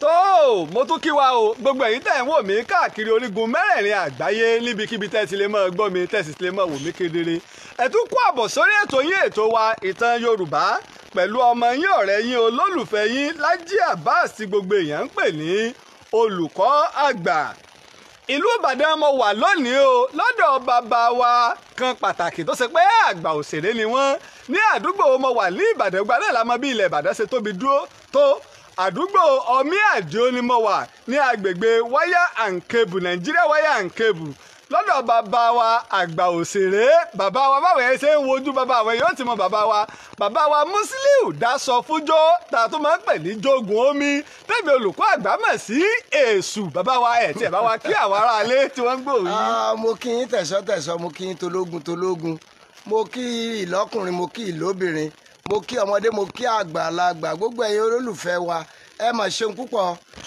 tó mo tún kí wa o gbogbo ẹ̀yin tẹ̀ ń wò mí káàkiri orígun mẹ́rẹ̀ẹ̀rin àgbáyé níbikíbi tẹ́ ti lè máa gbọ́ mi tẹ́ sì ti lè máa wò mí kedere ẹ tún kú àbọ̀ sórí ètò yín ètò wa ìtàn Yorùbá pẹ̀lú ọmọ yín ọ̀rẹ́ yín olólùfẹ́ yín Lájí Abbas tí gbogbo èèyàn ń pè ní olùkọ́ àgbà ìlú Ìbàdàn mo wà lónìí o lọ́dọ̀ bàbá wa kan pàtàkì tó ṣe pé àgbà òṣèré ni wọ́n ní àdúgbò mo wà ní Ìbàdàn gbaná ìlàmọ́ bí ilẹ̀ Ìbàdàn ṣe tóbi dúró tó àdúgbò omi àdìo ni mo wà ní agbègbè wáyà àǹkebù nàìjíríà wáyà àǹkebù lọ́dọ̀ bàbá wa àgbà òṣèré bàbá wa báwo ẹ ṣe ń wojú bàbá àwọn yóò ti mọ bàbá wa bàbá wa Musiliu Dasọ Fújó tá a tún máa ń pè ní jogun omi tẹ̀mí olùkọ́ àgbà mọ̀ sí èṣù bàbá wa ẹ̀ tí ẹ̀ bá wa kí àwọn aráalé tí wọ́n ń gbòòrò yìí. Ah, mo kí yín tẹ̀sọ́ tẹ̀sọ́ mo kí yín tológun tológun mo kí ìlọ́kùnrin mo kí ìlóbìnrin mo kí ọmọdé mo kí àgbàlagbà gbogbo ẹ̀yin olólùfẹ́ wa ẹ mà ṣeun púpọ̀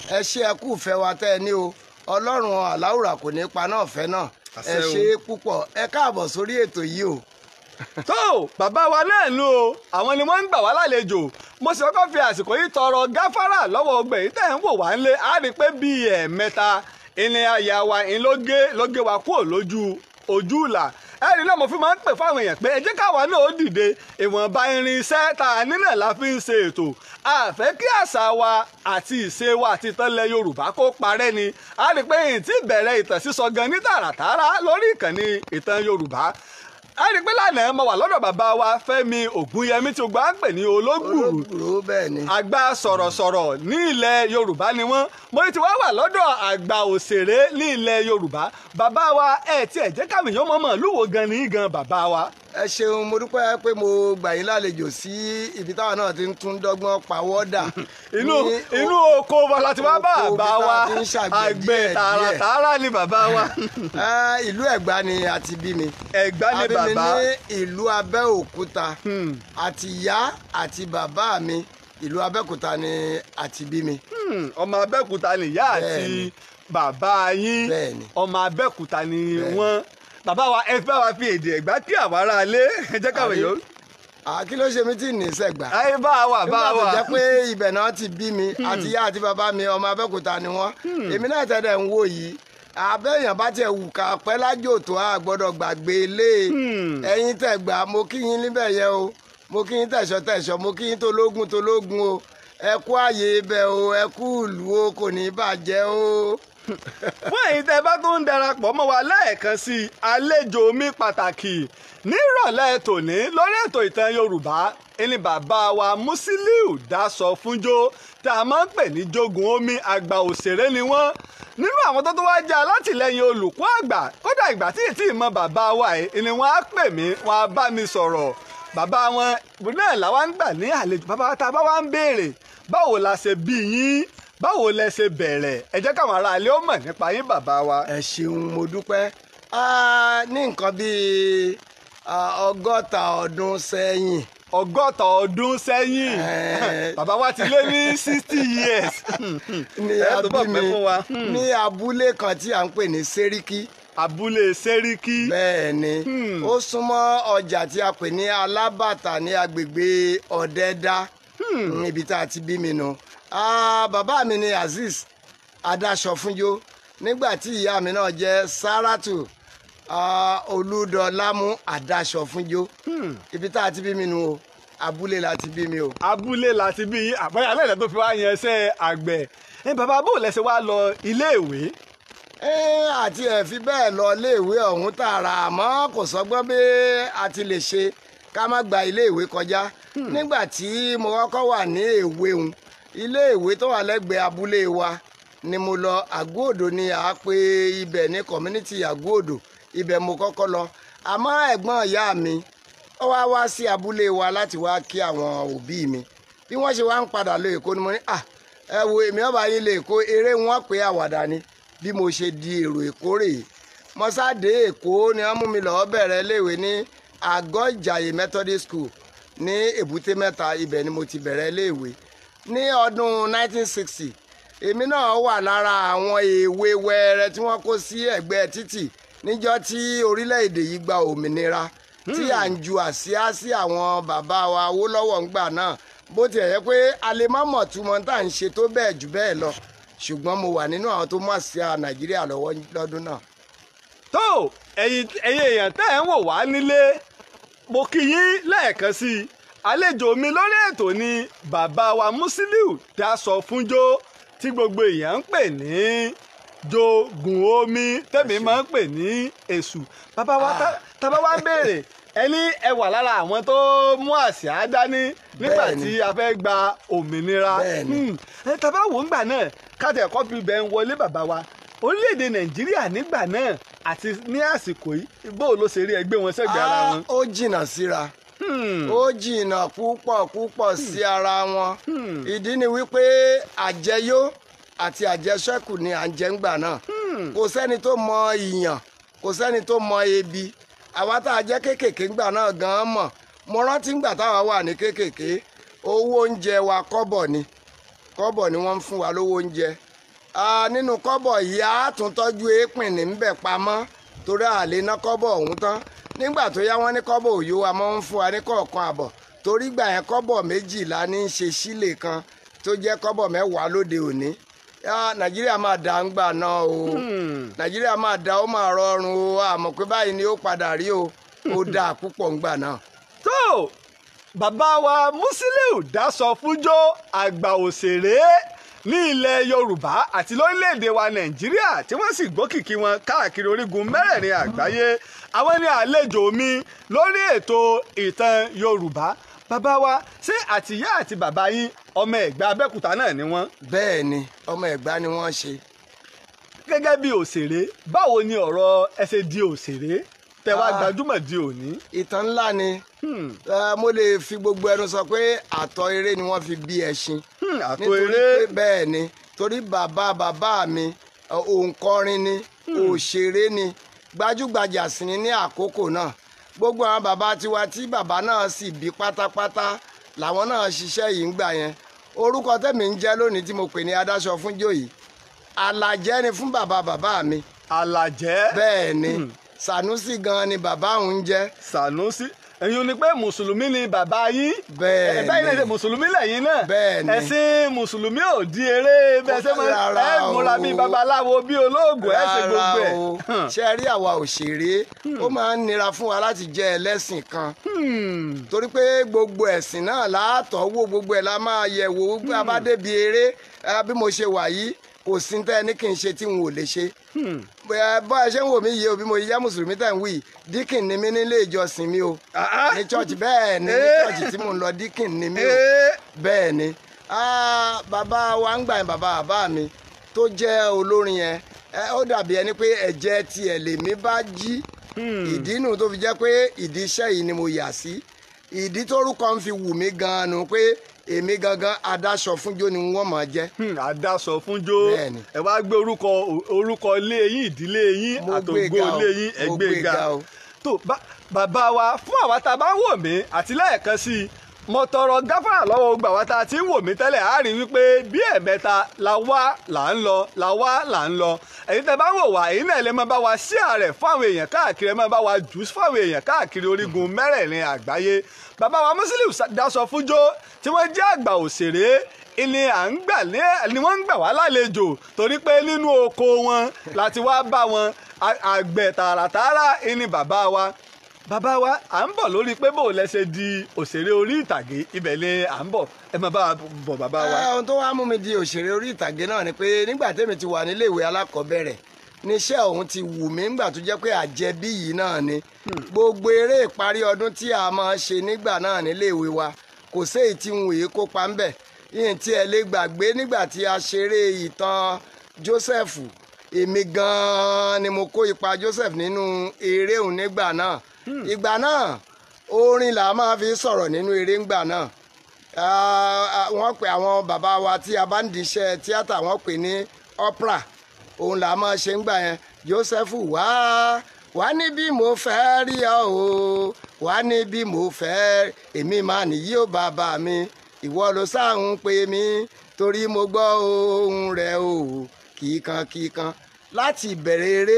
ẹ ṣe ẹ kú ìfẹ́ wa tẹ́ ẹ ní o ọlọ́run aláwùrà kò ní pa náà fẹ́ náà ẹ ṣe é púpọ̀ ẹ káàbọ̀ sórí ètò yìí o. tó bàbá wa náà nu o àwọn ni wọ́n ń gbà wá lálejò mo sì kọ́kọ́ fi àsìkò yìí tọrọ gáfárà lọ́wọ́ ọgbẹ̀yìn tẹ̀ ń wò wá ń á rí i pé bíi ẹ̀ẹ̀mẹ́ta ilé aya wa ń wa kúrò lójú ojú ìlà ẹ̀rí náà mo fi máa ń pè fáwọn èèyàn pé ẹ jẹ́ káwa náà ó dìde ìwọ̀nba irinṣẹ́ tá a nínà la fi ń ṣe ètò àfẹ́ kí àṣà wa àti ìṣe wa àti ìtọ́lẹ̀ Yorùbá kó parẹ́ ni a rí i pé ìtì bẹ̀rẹ̀ ìtàn sísọ gan ní tààràtàrà lórí ìkànnì ìtàn Yorùbá a rí i pé lánàá mo wà lọ́dọ̀ bàbá wa Fẹ́mi Ògúnyẹmí tí o gbà ń pè ní ológbùrú àgbà sọ̀rọ̀sọ̀rọ̀ ní ilẹ̀ Yorùbá ni wọ́n mo ti wá wà lọ́dọ̀ àgbà òṣèré ní ilẹ̀ Yorùbá bàbá wa ẹ̀ tiẹ̀ jẹ́ káwọn èèyàn mọ̀mọ́ lúwo gan ní gan bàbá wa ẹ ṣeun mo dúpẹ́ pé mo gbà yín lálejò sí ibi táwọn náà ti ń tún dọ́gbọ́n pawọ́dà. inú inú oko wa láti wá bá àbá wa àgbẹ̀ tààràtààrà ni bàbá wa. Ah, ìlú ẹ̀gbá ni a ti bí mi. ẹ̀gbá ni bàbá mi ní ìlú abẹ́òkúta hmm. àti ìyá àti bàbá mi ìlú abẹ́òkúta ni àti bí mi. Hmm. ọmọ abẹ́òkúta ni ìyá àti bàbá yín ọmọ abẹ́òkúta ni wọ́n bàbá wa ẹ fẹ́ wa fi èdè ẹ̀gbá kí àwọn ará ilé ẹ jẹ́ káwọn èèyàn àkí ló ṣe mí tí ní sẹ́gbà. ayé bá a bá a nígbà tó jẹ́ pé ibẹ̀ náà ti bí mi hmm. àti ya àti bàbá mi ọmọ Abẹ́òkúta ni wọ́n. èmi náà tẹ́lẹ̀ ń wò yìí abẹ́yàn bá tiẹ̀ wù ká pẹ́ lájò tó a gbọ́dọ̀ gbàgbé ilé hmm. ẹ̀yin tẹ̀ gbà mo kí yín níbẹ̀ yẹn o mo kí yín tẹ̀sọ̀ tẹ̀sọ̀ mo kí yín tológun tológun o ẹ kú àyè ibẹ̀ o ẹ kú ìlú o kò ní bàjẹ́ o fún ẹ̀yin tẹ́ bá tó ń darapọ̀ mọ́ wa lẹ́ẹ̀kan sí i àlejò mi pàtàkì nírọ̀lẹ́ tòní lórí ètò ìtàn Yorùbá ẹni bàbá wa Musiliu Dasọ Fúnjó tá a máa ń pè ní Jogun Omi àgbà òṣèré ni wọ́n nínú àwọn tó tó wá jẹ́ alátìlẹyìn olùkọ́ àgbà kódà ìgbà tí ètí ìmọ̀ bàbá wa yìí ni wọ́n á pè mí wọ́n á bá mi sọ̀rọ̀ bàbá wọn náà làwọn gbà ní àlejò bàbá tá a bá wá ń béèrè báwo la ṣe bí yín báwo lẹ ṣe bẹ̀rẹ̀ ẹ jẹ́ káwọn aráalé ó mọ̀ nípa yín bàbá wa. ẹ ṣeun mo dúpẹ́ ní nǹkan bíi ọgọ́ta ọdún sẹ́yìn ọgọ́ta ọdún sẹ́yìn bàbá wa ti lé ní sixty years. ní abúlé ní abúlé kan tí a ń pè ní sẹ́ríkì abúlé sẹ́ríkì. bẹ́ẹ̀ ni hmm. ó súnmọ́ ọjà tí a pè ní alábàtà ní agbègbè ọ̀dẹ́dá níbi hmm. hmm, tá a ti bí mi nù. No Ah, bàbá mi ni aziz Adásọfúnjó nígbà tí ìyá mi náà jẹ́ Sáràtù ah, Olúdọlámú Adásọfúnjó hmm. ibi tá a ti bí mi nu o abúlé la ti bí mi o. abúlé la ti bí yín àbáyá lẹ́yìn tó fi wá yẹn ṣe àgbẹ̀ ẹ bàbá bò lẹ́sẹ̀ wá lọ iléèwé. ẹ àti ẹ fi bẹ́ẹ̀ lọ iléèwé ọ̀hún tààrà àmọ́ kò sọgbọ́n bí a ti lè ṣe ká má gba iléèwé kọjá hmm. nígbà tí mo kọ́kọ́ wà ní èwe òun iléèwé tó wà lẹ́gbẹ̀ẹ́ abúlé wa ni mo lọ àgóòdò ni à pé ibẹ̀ ní community àgóòdò ibẹ̀ mo kọ́kọ́ lọ àmọ́ ẹ̀gbọ́n ìyá mi ó wá wá sí abúlé wa láti wá kí àwọn òbí mi bí wọ́n ṣe wá ń padà lọ èkó ni mo ní à ẹ wo èmi ọba yín lè kó eré wọn pé àwàdà ni bí mo ṣe di èrò èkó rèé èkó ni wọ́n mú mi lọ́ọ́ bẹ̀rẹ̀ iléèwé ní àgọ́ ìjàyè methodist school ní èbúté mẹ́ta ibẹ̀ ni mo ti bẹ̀rẹ̀ iléèwé ní ọdún 1960 èmi náà wà lára àwọn èwe wẹẹrẹ tí wọ́n kó sí ẹ̀gbẹ́ títì níjọ́ tí orílẹ̀-èdè yìí gba òmìnira tí à ń ju àsíá sí àwọn bàbá wa Awólọ́wọ̀ ńgbà náà bó tiẹ̀ yẹ pé a lè má mọ̀ túmọ̀ tá à ń ṣe tó bẹ́ẹ̀ jù bẹ́ẹ̀ lọ ṣùgbọ́n mo wà nínú àwọn tó mọ̀ sí Nàìjíríà lọ́wọ́ lọ́dún náà. tó ẹ̀yin èèyàn tẹ́ ẹ̀ ń wò wá nílé mo kí yín lẹ́ẹ̀kan sí i àlejò mi lórí ètò ni bàbá wa Musiliu Daso Funjo tí gbogbo èèyàn ń pè ní jogun omi tẹ́mi máa ń pè ní èṣù bàbá wa tábà ah. wá béèrè ẹni ẹ wà lára àwọn tó mú àsíá dání nígbà tí a fẹ́ gba òmìnira hmm. tàbá wò ń gbà náà káàtẹ̀ kọ́fì bẹ̀ ń wọlé bàbá wa orílẹ̀-èdè nàìjíríà nígbà náà àti ní àsìkò yìí bóò ló ṣe rí ẹgbẹ́ wọn sẹ́gbẹ̀ẹ́ ara ah, wọn. ó jìnnà síra Hmm. ó jìnnà púpọ̀ púpọ̀ hmm. sí ara wọn hmm. ìdí ni wípé àjẹyó àti àjẹṣẹ́kù ni à ń jẹ ńgbà náà kò sẹ́ni tó mọ ìyàn kò sẹ́ni tó mọ ebi àwa tá a jẹ́ kéékèèké ńgbà náà gan-an mọ̀ mo rántí ńgbà táwa wà ní kékèké. owó oúnjẹ wa kọ́bọ̀ ni kọ́bọ̀ ni wọ́n ń fún wa lówó oúnjẹ nínú kọ́bọ̀ yìí a tún tọ́jú èèpìn ní ń bẹ̀ pamọ́ torí àlè ná kọ́bọ̀ ọ̀hún tán nígbà tó yá wọ́n ní kọ́bọ̀ òyò wa mọ́ ń fún wa ní kọ̀ọ̀kan àbọ̀ torí gbà yẹn kọ́bọ̀ méjìlá ní í ṣe sílè kan tó jẹ́ kọ́bọ̀ mẹ́wàá lóde òní nàìjíríà máa da ń gbà náà o hmm. nàìjíríà máa da ó máa rọrùn o àmọ́ pé báyìí ni ó padà rí o ó dáa púpọ̀ ń náà. tó bàbá wa Musiliu Dasọfúnjó àgbà òṣèré ní ilẹ̀ yorùbá àti lórílẹ̀‐èdè wa nàìjíríà tí wọ́n sì gbókìkí wọn káàkiri orígun mẹ́rẹ̀ẹ̀rin àgbáyé àwọn ni àlejò mi lórí ètò ìtàn Yorùbá bàbá wa ṣé àtìyá àti bàbá yín ọmọ Ẹ̀gbá Abẹ́òkúta náà ni wọ́n. bẹ́ẹ̀ ni ọmọ Ẹ̀gbá ni wọ́n ṣe. gẹ́gẹ́ bí òṣèré báwo ni ọ̀rọ̀ ẹ ṣe di òṣèré tẹ́ wá ah, gbajúmọ̀ di òní. ìtàn ńlá ni hmm. mo lè fi gbogbo ẹnu sọ pé àtọ̀ eré ni wọ́n fi bí ẹṣin. Hmm, àtọ̀ eré nítorí pé bẹ́ẹ̀ ni torí bàbá bàbá mi òǹkọrin ni hmm. òṣèré ni gbajúgbajà sì ni ní àkókò náà gbogbo àwọn bàbá tiwa tí bàbá náà sì bí pátápátá làwọn náà ṣiṣẹ́ yìí ń gbà yẹn orúkọ tẹ̀mí ń jẹ́ lónìí tí mo pè ní adáṣọ fúnjò yìí alàjẹ́ ni fún bàbá bàbá mi. alàjẹ́. bẹ́ẹ̀ ni hmm. sanusi gan ni bàbá òun jẹ́. sanusi èyí ni pé mùsùlùmí ni bàbá yín bẹ́ẹ̀ ni bẹ́ẹ̀ ni mùsùlùmí lẹ́yìn náà bẹ́ẹ̀ ni ẹ̀sìn mùsùlùmí ò di eré bẹ́ẹ̀ ṣe ẹ múra bíi babaláwo bíi olóògùn ẹ ṣe gbogbo hmm. ẹ. ṣe rí àwa òṣèré hmm. ó máa ń nira fún wa láti jẹ ẹlẹ́sìn kan hmm. torí pé gbogbo ẹ̀sìn náà látọ̀wọ́ gbogbo ẹ̀ la máa yẹ̀wò gbogbo abádébi eré bí mo ṣe wà yìí kò sí tẹ́ ẹ ní kí n ṣe tí n ò lè ṣe. Hmm. bá a ṣe ń wò mí yìí o bí mo yá mùsùlùmí tẹ̀ ń wí díkìn ni mí nílé ìjọsìn mi o ah, ah. ní chọ́ọ̀chì bẹ́ẹ̀ ni ní eh. chọ́ọ̀chì tí mò ń lọ díkìn ni mí o eh. bẹ́ẹ̀ ni ah, bàbá wa ń gbà yín bàbá bàbá mi tó jẹ́ olórin yẹn ó dàbí ẹni pé ẹ̀jẹ̀ tiẹ̀ lèmi bá jí hmm. ìdí nù tó fi jẹ́ pé ìdí iṣẹ́ yìí ni mo yà sí ìdí tórúkọ ń fi wù mí gan-an nù pé èmi gangan adáṣọ fúnjó ni wọ́n máa jẹ́. Hmm, adáṣọ fúnjó ẹ wá gbé orúkọ orúkọ ilé yín ìdílé yín àtògbó ilé yín ẹ gbé ga tó bàbá wa fún àwa tá a bá ń wò mí àti lẹ́ẹ̀kan sí i mo tọrọ gáfárà lọ́wọ́ gbà wá tá a ti ń wò mí tẹ́lẹ̀ á wípé bí ẹ̀mẹ́ta la wá là ń lọ la wá là ń lọ ẹ̀yin tẹ́ bá wò wá èyí náà lè máa bá wa ṣí ààrẹ fáwọn èèyàn káàkiri ẹ máa bá wa jù fáwọn èèyàn káàkiri orígun mẹ́rẹ̀ẹ̀rin àgbáyé bàbá wa Musiliu Dasofunjo tí wọ́n jẹ́ àgbà òṣèré ni à ń gbà ni wọ́n ń gbà wá lálejò torí pé nínú oko wọn láti wá bá wọn àgbẹ̀ tààràtààrà ni bàbá wa bàbá wa à ń bọ̀ lórí pé bò lẹ́sẹ̀ di òṣèré orí ìtàgé ibẹ̀ ni à ń bọ̀ ẹ máa bá a bọ̀ bàbá wa. ohun tó wàá mú mi di òṣèré orí ìtàgé náà ni pé nígbà tẹ́mi ti wà níléèwé alákọ̀ọ́bẹ̀rẹ̀ níṣẹ́ òun ti wù mí nígbà tó jẹ́ pé àjẹbí yìí náà ni hmm. gbogbo eré ìparí ọdún tí a máa ṣe nígbà náà níléèwé wa kò séyìí tí n wòye kópa ńbẹ̀ yìí tí ẹ lè gbàgbé nígbà tí a ṣeré ìtàn Joseph èmi gan-an ni mo kó ipa Joseph nínú eré òun nígbà náà hmm. ìgbà náà orin là máa fi sọ̀rọ̀ nínú eré ńgbà náà wọ́n pe àwọn bàbá wa tí a bá ń diṣẹ́ tíátà wọ́n pè ní opera òun là máa ṣe ń gbà yẹn Jósẹ́fù wá wá ní bí mo fẹ́ rí ọ o wá ní mo fẹ́ èmi máa nìyí ò bàbá mi ìwọ ló sáà ń pè torí mo gbọ́ ohùn rẹ o kíkankíkan láti ìbẹ̀rẹ̀ eré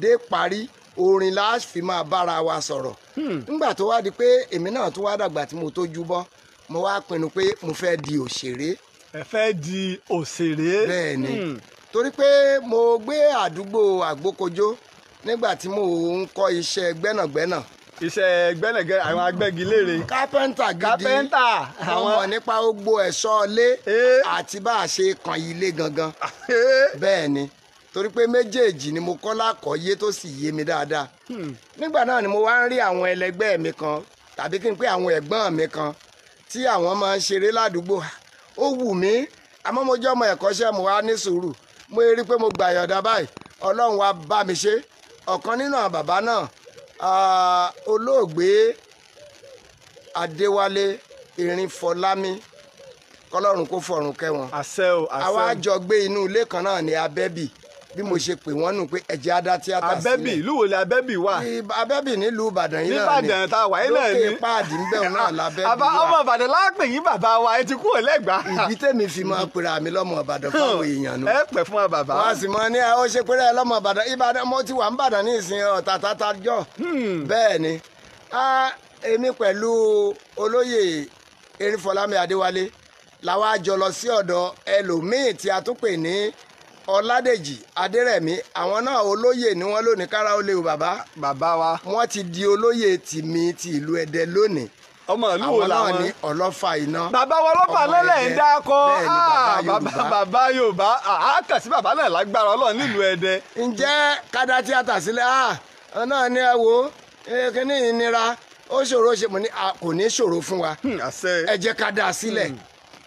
dé parí orin la fi máa bára wa sọ̀rọ̀ hmm. nígbà tó wá di pé èmi náà tó wá dàgbà tí mo tó júbọ́ mo wá pinnu pé mo fẹ́ di òṣèré. ẹ fẹ́ di òṣèré. bẹ́ẹ̀ ni hmm torí pé mo gbé àdúgbò àgbókojó nígbà tí mo ń kọ́ iṣẹ́ gbẹ́nàgbẹ́nà iṣẹ́ gbẹ́lẹ̀gẹ́ àwọn agbẹ́gilére. kápẹ́ńtà gidi kápẹ́ńtà àwọn mọ̀ nípa gbogbo ẹ̀ṣọ́ ilé àti bá a ṣe kàn yí ilé gangan. bẹ́ẹ̀ ni torí pé méjèèjì ni mo kọ́ lákọ̀ọ́yé tó sì yé mi dáadáa. Hmm. nígbà náà ni mo wá ń rí àwọn ẹlẹgbẹ́ mi kan tàbí kí n pé àwọn ẹ̀gbọ́n mi kan tí àwọn máa ń ṣeré ládùúgbò ó wù mí àmọ́ mo jẹ́ ọmọ ẹ̀kọ́ṣẹ́ mo wá ní sùúrù mo rí i pé mo gbà yọ̀dá báyìí ọlọ́run wa bá mi ṣe ọ̀kan nínú àwọn bàbá náà ah, olóògbé adéwálé irinfọlámi kọlọ́run kó fọ̀run kẹ́ wọn àwa jọ gbé inú ilé kan náà ní abẹ́bì bí mo ṣe pè wọ́n nù pé ẹ̀jẹ̀ adá tíátà sílẹ̀. abẹ́bì lúwo ni abẹ́bì wà. abẹ́bì nílùú ìbàdàn yìí náà ni níbàdàn tá a wà yìí náà ni lókè páàdì ń bẹ̀rù náà lábẹ́bì wà. ọmọ ìbàdàn láàpẹ̀ yín bàbá wa ẹ ti kú ọ̀lẹ́gbà. ìbí tèmi fi máa pèrè àmì lọ́mọ ìbàdàn fáwọn èèyàn nù. ẹ pẹ̀ fún wa bàbá. wọ́n sì mọ ní ọ ṣe péré lọ́mọ ìbàdàn ìbàdàn mo ti wà ń hmm. ni èmi pẹ̀lú olóyè Erinfọlámi Adéwálé làwa jọ lọ sí ọ̀dọ̀ ẹlòmíì tí a tún pè ní ọládèjì adérẹ̀mí àwọn náà olóyè ni wọ́n lónìí kára ó léwu bàbá bàbá wa wọ́n ti di olóyè tìmí ti ìlú ẹdẹ lónìí ọmọ ìlú wo làwọn àwọn náà ní ọlọ́fà iná bàbá wọn ọlọ́fà lẹ́lẹ̀ ń dákọ bàbá bàbá yorùbá àákà ah, sí bàbá náà lágbára ọlọ́run nílùú ẹdẹ. ǹjẹ́ kádà tíátà sílẹ̀ ah, à náà ní ẹ wo kíní ìnira ó ṣòro ṣe kò ní ṣòro fún wa hmm, ẹ jẹ́ ká sílẹ̀ hmm.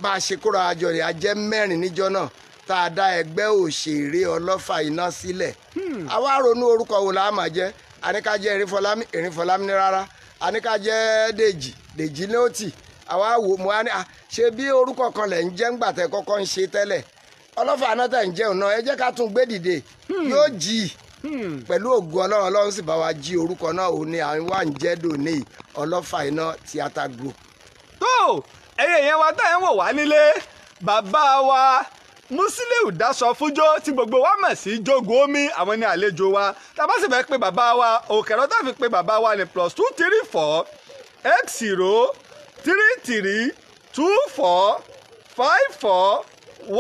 bá a ṣe kóra àjọ rẹ̀ a jẹ́ mẹ́rin níjọ́ náà tá a dá ẹgbẹ́ òṣèré ọlọ́fà iná sílẹ̀ hmm. àwa ronú orúkọ wo la máa jẹ́ àníká jẹ́ erinfọlámi erinfọlámi ní rárá àníká jẹ́ dèjì dèjì ní òtì àwa wò mọ́ àní ṣe bí orúkọ kan lẹ̀ ń jẹ́ ńgbà tẹ́ kọ́kọ́ ń ṣe tẹ́lẹ̀ ọlọ́fà iná tẹ̀ ń jẹun náà ẹ jẹ́ ká tún gbé dìde hmm. yóò jì í hmm. pẹ̀lú ògùn ọlọ́run ọlọ́run sì bá wa jí orúkọ náà òun ni àwọn wà ń jẹ́ dòní ọlọ́fà iná tíátà group. tó ẹyẹ yẹn wa tá ń wò wá nílé bàbá wa Musiliu Daṣọ Fújó tí gbogbo wa mọ̀ sí jogo omi àwọn ní àlejò wa tàbá sì fẹ́ pé bàbá wa òkèrò tá fi bàbá wa ní plus two three four x zero three three two four five four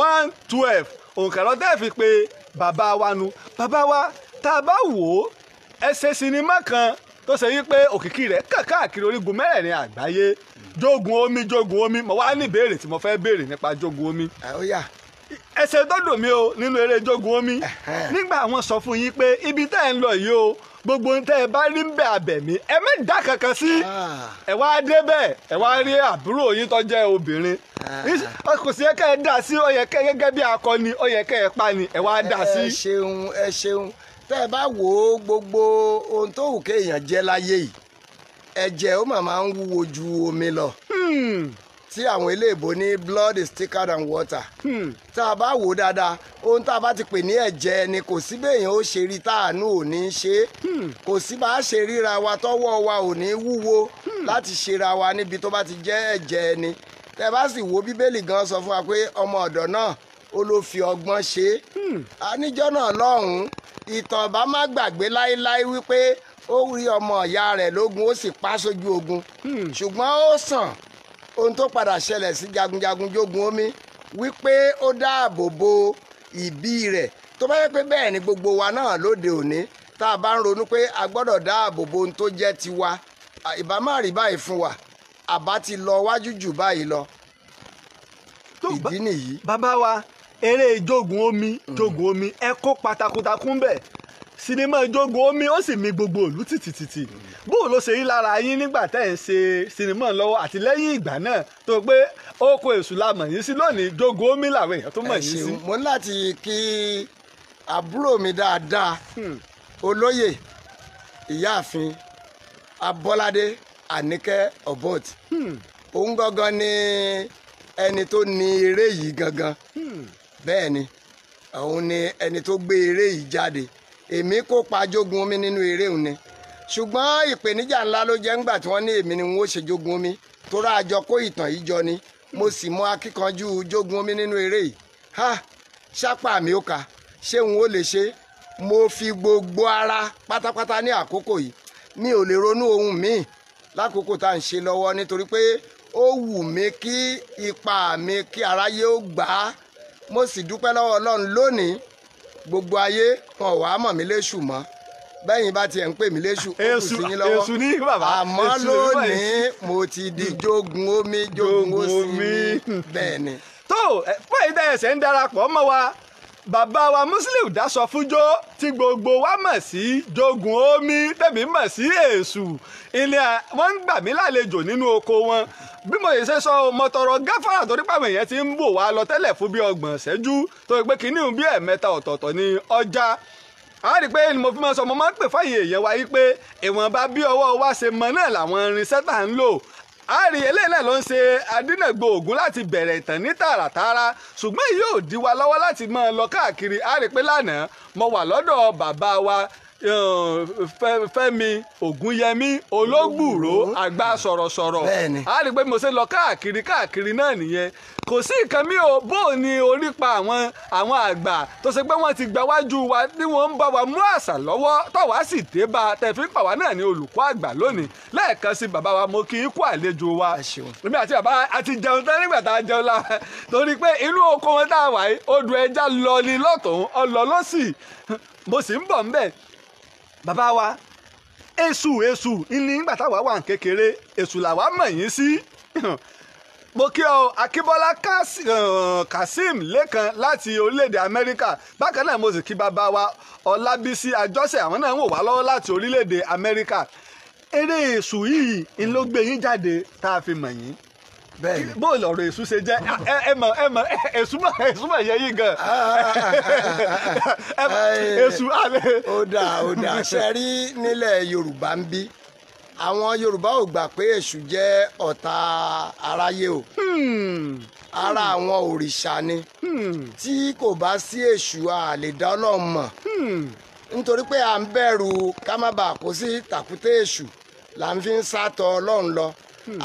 one twelve òkèrò tá fi pé bàbá wa nu bàbá wa tá a bá wò ó ẹsẹ̀ sinimá kan tó ṣe wípé òkìkí rẹ̀ kàn káàkiri orígun mẹ́rẹ̀ẹ̀rin àgbáyé jogun omi jogun omi mo wá ní ìbéèrè tí mo fẹ́ béèrè nípa jogun omi. ẹ ó yà. ẹsẹ̀ dọ́dọ̀ mi o nínú eré jogun omi nígbà àwọn sọ fún yín pé ibi tẹ́ ẹ̀ ń lọ yìí o gbogbo tẹ́ ẹ bá rí ń bẹ abẹ̀mí ẹ má dá kankan sí ah. ẹ wá dé bẹ́ẹ̀ ẹ wá rí àbúrò yín tó jẹ́ obìnrin ah. kò sí ẹ̀kẹ́ ẹ dà sí ó yẹ bí akọni ó ẹ pa ni ẹ wá dà sí. ẹ ṣeun ẹ ṣeun tẹ́ ẹ bá wò ó gbogbo ohun tó wù kéèyàn jẹ́ láyé yìí ẹ̀jẹ̀ ó màmá ń wúwo ju omi lọ. Hmm. tí àwọn eléèbó ní blood is thicker than water hmm. tá a bá wò ó dáadáa ohun tá a bá ti pè ní ẹ̀jẹ̀ ni kò sí béèyàn ó ṣe rí táàánú ò ní ṣe é hmm. kò sí bá a ṣe ríra wa tọ́wọ́ wa ò ní wúwo hmm. láti ṣera wa níbi tó bá ti jẹ́ ẹ̀jẹ̀ ni tẹ́ bá sì wo bíbélì gan sọ fún wa pé ọmọ ọ̀dọ̀ náà ó ló fi ọgbọ́n ṣe é níjọ́ náà lọ́hùn-ún ìtàn bá má gbàgbé láéláé wípé ó rí ọmọ ìyá rẹ̀ lógun ó sì pa sójú ogun ṣùgbọ́n ó sàn ohun tó padà ṣẹlẹ̀ sí jagunjagun jogun omi wípé ó dáàbò bo ìbí rẹ̀ tó bá yẹ pé bẹ́ẹ̀ ni gbogbo wa náà lóde òní tá a bá ń ronú pé a gbọ́dọ̀ dáàbò bo ohun tó jẹ́ tiwa ìbá má rí báyìí fún wa àbá ti lọ wájú jù báyìí lọ ìdí nìyí. bàbá wa eré jogun omi mm. jogun omi ẹ kó pátákótakún bẹ́ẹ̀ sinimá jogun omi ó sì mì gbogbo ìlú tìtìtìtì. Mm bó ló ṣe rí lára yín nígbà tẹ́ ẹ̀ ń ṣe sinimá lọ́wọ́ àti lẹ́yìn ìgbà náà tó pé oko èṣù la mọ̀ yín sí lónìí jogo omi làwọn èèyàn tó mọ̀ yín sí. mo ní láti kí àbúrò mi dáadáa hmm. olóyè ìyáàfin abọ́ládé àníkẹ́ ọ̀bọ̀t hmm. òun gangan ni ẹni tó ni eré yìí gangan hmm. bẹ́ẹ̀ ni òun ni ẹni tó gbé eré yìí jáde èmi kópa jogun omi nínú eré òun ni ṣùgbọ́n ìpèníjà ńlá ló jẹ́ ńgbà tí wọ́n ní èmi ni wọ́n ṣe jogun omi torá àjọ kó ìtàn yìí jọ ni mo sì mọ akíkanjú jogun omi nínú eré yìí ha ṣápá mi ó ka ṣé n ó lè ṣe mo fi gbogbo ara pátápátá ní àkókò yìí mi ò lè ronú ohun míì lákòókò tá à ń ṣe lọ́wọ́ nítorí pé ó wù mí kí ipa mi kí aráyé ó gbà á mo sì dúpẹ́ lọ́wọ́ ọlọ́run lónìí gbogbo ayé wọn ò wá mọ̀ mí léṣù mọ́ bẹ́yìn bá tiẹ̀ ń pè mí léṣu ó kù sí yín lọ́wọ́ èṣù ní Baba. àmọ́ lónìí mo ti di jogun omi jogun omi bẹ́ẹ̀ ni. tó fún èyí tẹ́ ẹsẹ̀ ń darapọ̀ mọ́ wa bàbá wa Musiliu Dasọfúnjó tí gbogbo wa mọ̀ sí jogun omi tẹ̀mí mọ̀ sí èṣù ilé wọn ń gbà mí lálejò nínú oko wọn bí mo ṣe sọ mo tọrọ gáfárà torí pàmò èèyàn ti ń bò wá lọ tẹ́lẹ̀ fún bí ọgbọ̀n ṣẹ́jú tó pé kínní bí ẹ̀mẹ́ta ọ̀tọ̀ọ̀tọ̀ ni ọjà a rí i pé mo fi máa sọ mo máa ń pè fáyè èèyàn wa yìí pé ìwọ̀nba bí ọwọ́ wa ṣe mọ náà làwọn irinṣẹ́ tà ń lò a rí eléyìí náà ló ń ṣe adínàgbò ògùn láti bẹ̀rẹ̀ ìtàn ní tààràtààrà ṣùgbọ́n yóò di wa lọ́wọ́ láti máa lọ káàkiri a rí i pé lánàá mo wà lọ́dọ̀ bàbá wa Eh, Fẹ́mi Ògúnyẹmí olóògbùrò àgbà sọ̀rọ̀sọ̀rọ̀ a rí i pé mo ṣe lọ káàkiri káàkiri náà nìyẹn kò sí nǹkan mi ò bó ni orí pa àwọn àwọn àgbà tó ṣe pé wọ́n ti gba wájú wa tí wọ́n ń bá wa mú àṣà lọ́wọ́ tọ́wá sì dé bá a tẹ̀fí pàwá náà ní olùkọ́ àgbà lónìí lẹ́ẹ̀kan sí bàbá wa mo kí í kú àlejò wa èmi àti bàbá àti jẹun tán nígbà tá a jẹun la torí pé inú oko wọn tá a wà yìí odò ẹja lọ ni lọ́tọ̀ọ́ ọlọ́ lọ́sì mo sì ń bọ̀ ń bẹ̀ bàbá wa èṣù èṣù ní nígbà táwa wà ní kékeré èṣù làwa mọ̀ yín sí mo kí ọ akíbọ́lá kasim lẹ́kan láti orílẹ̀-èdè amẹ́ríkà bákan náà mo sì kí bàbá wa ọlábísí àjọṣe àwọn náà ń wò wá lọ́wọ́ láti orílẹ̀-èdè amẹ́ríkà eré èṣù yìí ń jáde tá a fi mọ̀ yín Bọọlụ ọrụ èṣù ṣe jẹ́ ah. ẹ mọ̀ ẹ mọ̀ èṣù mọ̀ èṣù mọ̀ yẹ ah, ah, ó dà ó dà ṣe rí nílẹ̀ Yorùbá ń bí àwọn Yorùbá ò gbà pé èṣù jẹ́ ọ̀tá aráyé o hmm. ara àwọn òrìṣà ni hmm. tí kò bá sí èṣù a lè dá mọ̀ hmm. nítorí pé à ń bẹ̀rù ká má bàa kó sí tàkúté èṣù là ń fi ń sá tọ̀ Ọlọ́run lọ.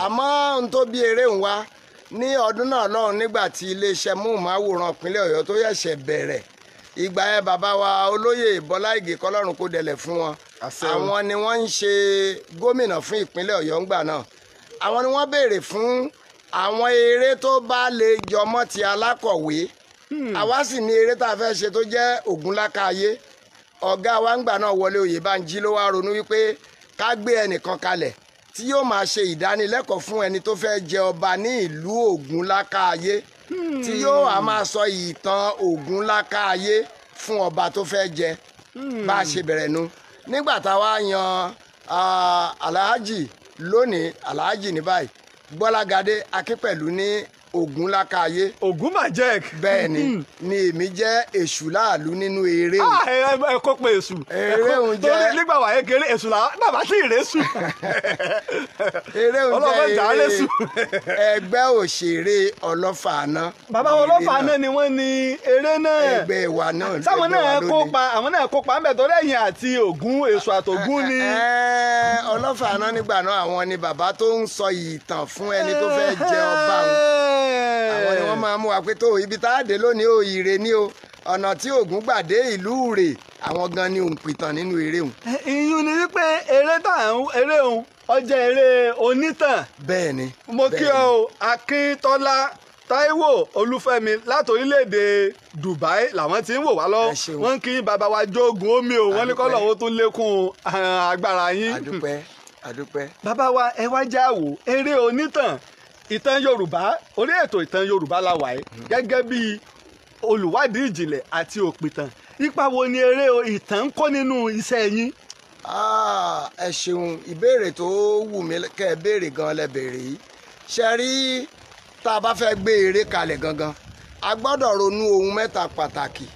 àmọ́ n tó bí eré ń wá ní ọdún náà lọ́hùn nígbà tí iléeṣẹ́ móhùnmáwòrán ìpínlẹ̀ ọ̀yọ́ tó yẹ̀ṣẹ̀ bẹ̀rẹ̀ ìgbà yẹn bàbá wa olóyè bọ́lá ìgè kọ́lọ́run kó dẹ̀lẹ̀ fún wọn àwọn ni wọ́n ń ṣe gómìnà fún ìpínlẹ̀ ọ̀yọ́ ńgbà náà àwọn ni wọ́n béèrè fún àwọn eré tó bá lè jọmọ́ ti alákọ̀wé hmm. àwa sì ní eré tá a fẹ́ ṣe tó jẹ́ ògúnlákàyé ọ̀gá wa ńgbà náà wọlé oyèbánjí ló wá ronú wípé ká gbé ẹnìkan kalẹ̀ tí yóò máa ṣe ìdánilẹ́kọ̀ọ́ fún ẹni tó fẹ́ jẹ ọba ní ìlú Ògùn Lákáayé tí yóò á máa sọ ìtàn Ògùn Lákáayé fún ọba tó fẹ́ jẹ bá a ṣe bẹ̀rẹ̀ nu nígbà táwa yan Alhaji lónìí Alhaji ní báyìí Gbọ́lágadé Akínpẹ̀lú ní ogun lákàyé. ogun majek. bẹ́ẹ̀ni hmm. ni èmi jẹ èṣù láàlú nínú eré. Ah, ẹ kó pe èṣù. eré òun jẹ torí nígbà wà yẹ kéré èṣù là bàbá sí ìrẹsù. eré òun jẹ eré ẹgbẹ́ òṣèré ọlọ́fààná. bàbá ọlọ́fààná ni wọ́n ní eré náà. ẹgbẹ́ wa náà ló ní. sáwọn náà kópa àwọn náà kópa ń bẹ̀ torí ẹ̀yìn àti ògún èṣù àtògún ni. ọlọ́fààná nígbà náà àwọn ni bàbá tó ń sọ ìtàn fún ẹni tó fẹ́ jẹ ọba àwọn ni wọ́n máa mú wa pé tó ibi tá a dé lónìí o ire ni o ọ̀nà tí Ògún gbà ìlú rẹ̀ àwọn gan ni òǹpìtàn nínú eré òun. Eh, ìyún ni wípé eré tàn eré òun ọjà eré onítàn. bẹ́ẹ̀ni bẹ́ẹ̀ni mo kí ọ Akíntọ́lá Táíwò Olúfẹ́mi láti orílẹ̀-èdè Dubai làwọn ti ń wò wá lọ wọ́n kí bàbá wa jogun omi o wọ́n ní kọ́ lọ́wọ́ tó lékún eh, agbára yín. àdúpẹ́ àdúpẹ́. bàbá wa ẹ wá já wò eré onítàn ìtàn yorùbá orí ètò ìtàn yorùbá la wà yìí mm. gẹ́gẹ́ bí olùwádìí ìjìnlẹ̀ àti òpìtàn ipa wo ni eré ìtàn ń kó nínú iṣẹ́ yín. Ah, ẹ ṣeun ìbéèrè tó wù mí kẹ́ ẹ béèrè gan lẹ béèrè yìí ṣe rí tá a bá fẹ́ gbé eré kalẹ̀ gangan a gbọ́dọ̀ ronú ohun mẹ́ta pàtàkì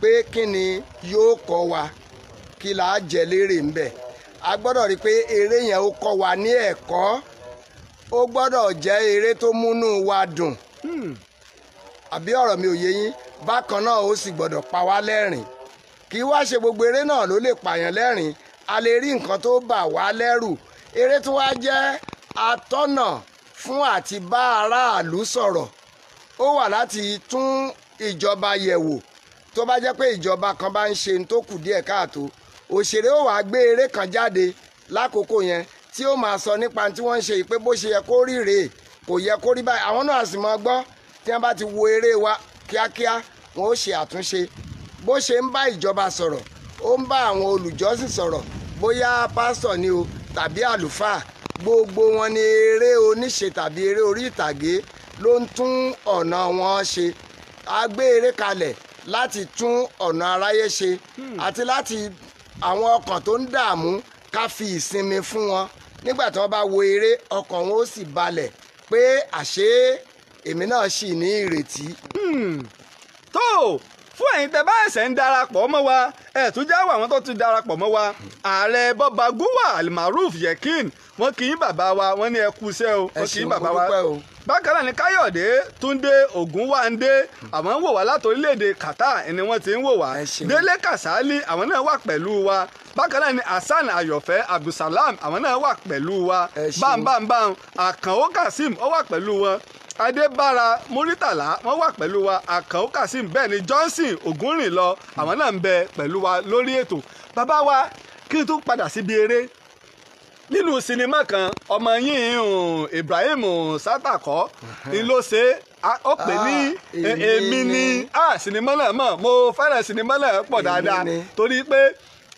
pé kí ni yóò kọ́ wa kí là á jẹ lérè ńbẹ̀ a gbọ́dọ̀ rí i pé eré yẹn ó kọ́ wa ní ẹ̀kọ́ ó gbọ́dọ̀ jẹ́ eré tó múnú wa dùn hmm. àbí ọ̀rọ̀ mi ò yé yín bákan náà ó sì gbọ́dọ̀ pa wá lẹ́rìn kì í wá ṣe gbogbo eré náà ló lè pààyàn lẹ́rìn a lè rí nǹkan tó bà wá lẹ́rù eré tó wá jẹ́ atọ́nà fún àti bá aráàlú sọ̀rọ̀ ó wà láti tún ìjọba yẹ̀wò tó bá jẹ́ pé ìjọba kan bá ń ṣe tó kù díẹ̀ káàtó òṣèré ó wàá gbé eré kan jáde lákòókò yẹn tí ó máa sọ nípa tí wọ́n ń ṣe ìpé bó ṣe yẹ kó rí rèé kò yẹ kó rí báyìí àwọn náà sì máa gbọ́ tí wọ́n bá ti wo eré wa kíákíá wọn ó ṣe àtúnṣe bó ṣe ń bá ìjọba sọ̀rọ̀ ó ń bá àwọn olùjọ́sìn sọ̀rọ̀ bóyá pásítọ̀ ni o tàbí àlùfáà gbogbo wọn ni eré oníṣe tàbí eré orí ìtàgé ló ń tún ọ̀nà wọn ṣe a gbé eré kalẹ̀ láti tún ọ̀nà aráyé ṣe hmm. àti láti àwọn ọkàn tó ń dààmú ká fi ìsinmi fún wọn nígbà tí wọ́n bá wo eré ọkàn wọn ó sì balẹ̀ pé àṣé èmi náà ṣì ní ìrètí. Hmm. tó fún ẹ̀yin tẹ́ bá ẹ̀sẹ̀ ń darapọ̀ mọ́ wa ẹ̀ tún jáwọ́ àwọn tó ti darapọ̀ mọ́ wa ààrẹ bọ́ba gúwà almaruf yekin wọ́n kì í bàbá wa wọ́n ní ẹ kú iṣẹ́ o wọ́n kì í bàbá wa bákan náà ni káyọ̀dé túndé ògúnwándé àwọn ń wò wá láti orílẹ̀-èdè qatar ni wọ́n ti ń wò wá délé kàsálí àwọn náà wà pẹ̀lú wa bákan náà ni hasan ayọ̀fẹ́ abdulsalam àwọn náà wà pẹ̀lú wa bámbámbám àkànó kazeem ó wà pẹ̀lú wọn adébára muritala wọn wà pẹ̀lú wa àkànó kazeem bẹ́ẹ̀ ni johnson ogunrinlọ àwọn náà ń bẹ pẹ̀lú wa lórí ètò bàbá wa kí n tún padà síbi eré nínú sinimá kan ọmọ yín ibrahim satakọ ni ló ṣe é ó pè ní ah, èmi ni ah, sinimá náà mọ̀ mo fẹ́ràn sinimá náà pọ̀ dáadáa torí pé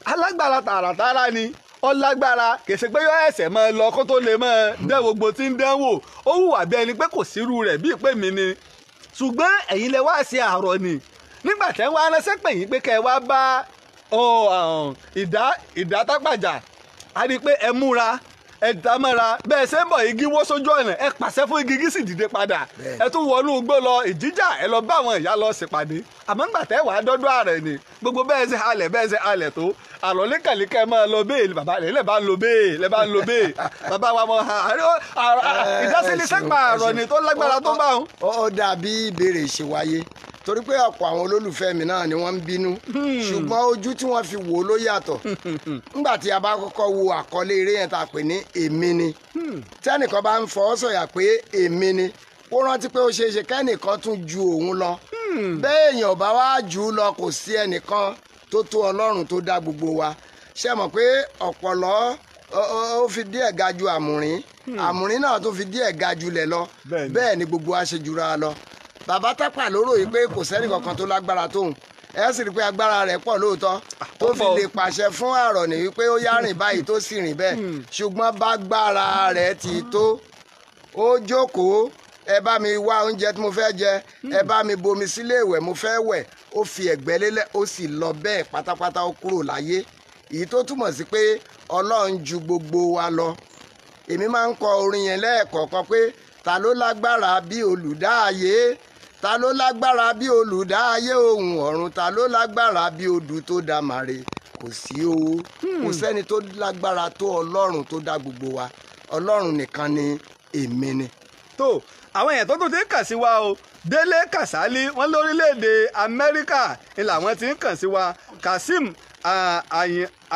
alágbára tààràtààrà ni ọlágbára kì í ṣe pé yọ ẹsẹ̀ máa lọ kó tó lè máa dẹ́ gbogbo tí ń dánwò ó hùwà bí ẹni pé kò sírú rẹ̀ bí ìpè mí ni ṣùgbọ́n ẹ̀yin lẹ wá sí àárọ̀ ni nígbà tẹ́ ń wá ránṣẹ́ pè yín pé kẹ́ ẹ wá bá oh, um, ìdá ìdá tápàjà rí i pé ẹ múra ẹ dámọ́ra bẹ́ẹ̀ ṣe ń bọ̀ igi wó sójú ọ̀nà ẹ pàṣẹ fún igi gísì dìde padà ẹ tún wọnú igbó lọ ìjíjà ẹ lọ bá àwọn ìyá lọ ṣèpàdé àmọ́ ńgbà tẹ́ wàá dọ́dọ́ ààrẹ ni gbogbo bẹ́ẹ̀ ṣe halẹ̀ bẹ́ẹ̀ ṣe halẹ̀ tó àlọ́ lékàlékà máa lọ bẹ́ẹ̀ bàbá rẹ̀ lẹ́ẹ̀ bá ń lo bẹ́ẹ̀ lẹ́ẹ̀ bá ń lo bẹ́ẹ̀ bàbá wa mọ ìdásílẹ̀ sẹ́gbà àrọ̀ ni tó lágbára tó bá wọn. ó dàbí ìbéèrè ìṣèwáyé torí pé àpò àwọn olólùfẹ́ mi náà ni wọ́n ń bínú hmm. ṣùgbọ́n ojú tí wọ́n fi wò ó ló yàtọ̀ hmm. nígbà tí a bá kọ́kọ́ wo àkọlé eré yẹn tá a pè ní èmi ni hmm. tẹ́nìkan bá ń fọwọ́ sọ̀yà pé èmi ni ó rántí pé ó ṣeé ṣe kẹ́nìkan tún ju òun lọ bẹ́ẹ̀ èèyàn bá wá jù ú lọ kò sí ẹnìkan tó tó ọlọ́run tó dá gbogbo wa ṣe mọ̀ pé ọ̀pọ̀lọ́ ó fi díẹ̀ ga ju àmùrín àmùrín náà tó fi díẹ̀ ga jùlẹ̀ lọ bẹ́ẹ̀ ni gbogbo wa ṣe jura lọ bàbá tápà lóró yìí pé kò sẹ́ni kankan tó lágbára tóun ẹ sì rí i pé agbára rẹ̀ pọ̀ lóòótọ́ ah, tó fi lè pàṣẹ fún àrọ̀ ní wípé ó yá rìn báyìí tó sì rìn bẹ́ẹ̀ hmm. ṣùgbọ́n bágbára rẹ̀ ti tó ó jókòó ẹ bá mi wá oúnjẹ tí mo fẹ́ jẹ ẹ hmm. bá mi bomi sílé ìwẹ̀ mo fẹ́ wẹ̀ ó fi ẹ̀gbẹ́ lélẹ̀ ó sì lọ bẹ́ẹ̀ pátápátá ó kúrò láyé èyí tó túmọ̀ sí pé ọlọ́run ju gbogbo wa lọ èmi máa ń kọ orin yẹn lẹ́ẹ̀kọ̀ọ̀kan pé ta ló lágbára bí olùdáàyè ta ló lágbára bí olùdá ayé ohun ọ̀run ta ló lágbára bí odù tó dá màre kò sí o kò hmm. sẹ́ni tó lágbára tó ọlọ́run tó dá gbogbo wa ọlọ́run nìkan ni èmi ni. tó àwọn èèyàn tó tún ti ń kàn sí wa o délé kàsálí wọn lórílẹ̀‐èdè amẹ́ríkà ni làwọn ti ń kàn sí wa kasim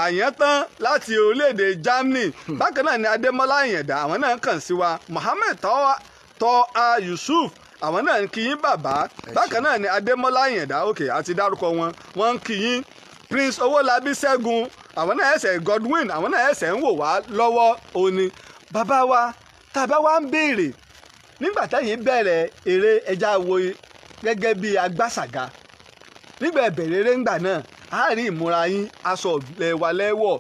àyàntán láti orílẹ̀‐èdè germany hmm. bákan náà ni adémọ́lá àyàndá àwọn náà ń kàn sí wa mohammed tọ́ a yusuf àwọn náà ń kí yín bàbá bákan náà ni adémọ́lá àyàndá òkè àti dárúkọ wọn wọ́n ń kí yín prince owólabí ṣẹ́gun àwọn náà ẹsẹ̀ godwin àwọn náà ẹsẹ̀ ń wò wá lọ́wọ́ òní bàbá wa tá a bá wá ń béèrè nígbà táyìn bẹ̀rẹ̀ eré ẹja wo gẹ́gẹ́ bí agbásàga nígbà ìbẹ̀rẹ̀ eré ńgbà náà a ìmúra yín aṣọ ọ̀lẹ̀ wa lẹ́wọ̀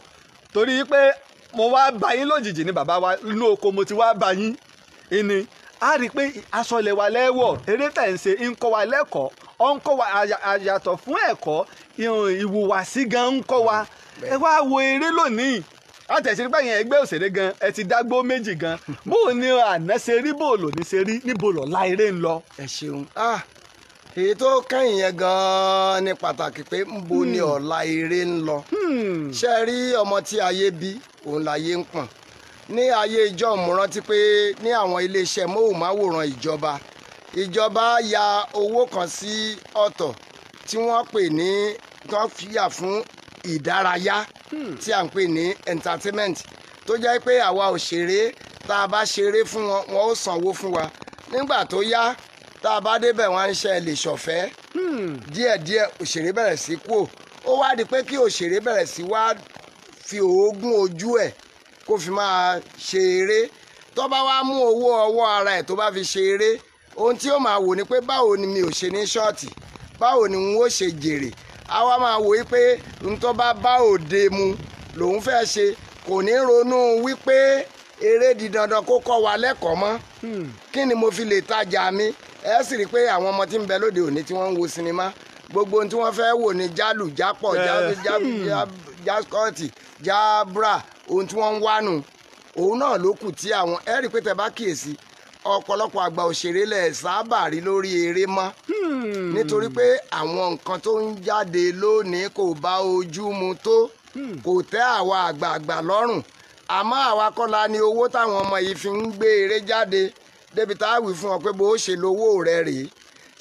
torí pé mo wá bá yín lójijì ni bàbá wa inú oko mo ti wá bá yín ìní a rí i pé aṣọ ilẹ̀ wa lẹ́wọ̀ eré tẹ̀ ń ṣe ń kọ́ wa lẹ́kọ̀ọ́ ọ ń kọ́ wa àyàtọ̀ fún ẹ̀kọ́ ìhùwàsí gan ń wa ẹ wá wo eré lónìí àtẹ̀sírí pé yẹn ẹgbẹ́ òṣèré gan ẹ ti dágbó méjì gan bó o ní àná ṣe rí bó o lò ní ṣe rí níbo lọ la eré ń ẹ ṣeun ah, èyí tó kẹ́yìn yẹn gan-an ni pàtàkì pé ń bo ni hmm. ọ̀la eré ń lọ hmm. ṣe rí ọmọ tí ayé bí òun láyé ń pọ̀n ní ayé ìjọ mo rántí pé ní àwọn iléeṣẹ́ móhùnmáwòrán ìjọba ìjọba ya owó kan sí ọ̀tọ̀ tí wọ́n pè ní wọ́n fìyà fún ìdárayá hmm. tí à ń pè ní entertainment tó jẹ́ pé àwa òṣèré tá a bá ṣeré fún wọn wọn ó sanwó fún wa nígbà tó yá tá a bá débẹ̀ wọ́n á ń ṣe lè ṣọ̀fẹ́ hmm. díẹ̀díẹ̀ òṣèré bẹ̀rẹ̀ sí kú ó wá di pé kí òṣèré bẹ̀rẹ̀ sí wá fi òógùn ojú ẹ̀ kó fi máa ṣe eré tó bá wá mú owó ọwọ́ ara ẹ̀ tó bá fi ṣe eré ohun tí ó máa wò ni pé báwo ni mi ò ṣe ní ṣọ́ọ̀tì báwo ni n ó ṣe jèrè a wá máa wò pé n tó bá bá òde mu lòun fẹ́ ṣe kò ní ronú wípé eré di dandan kó kọ́ wa lẹ́kọ̀ọ́ mọ́ hmm. kí ni mo fi lè tajà mi ẹ sì rí i pé àwọn ọmọ tí ń bẹ lóde òní tí wọ́n ń wo sinimá gbogbo ohun tí wọ́n fẹ́ wò ni jálù jápọ̀ jáskọ́ọ̀tì eh. jábra ohun tí wọ́n ń wá nù òun náà ló kù tí àwọn ẹ rí i pé tẹ́ bá kíyèsí ọ̀pọ̀lọpọ̀ àgbà òṣèré lẹ̀ sábà rí lórí eré mọ́ hmm. nítorí pé àwọn nǹkan tó ń jáde lónìí kò bá ojú mu tó hmm. kò tẹ́ àwa àgbààgbà lọ́rùn àmọ́ àwa kọ́la ni owó táwọn ọmọ yìí fi ń gbé eré jáde débi tá a wí fún ọ pé bó ṣe lówó rẹ rèé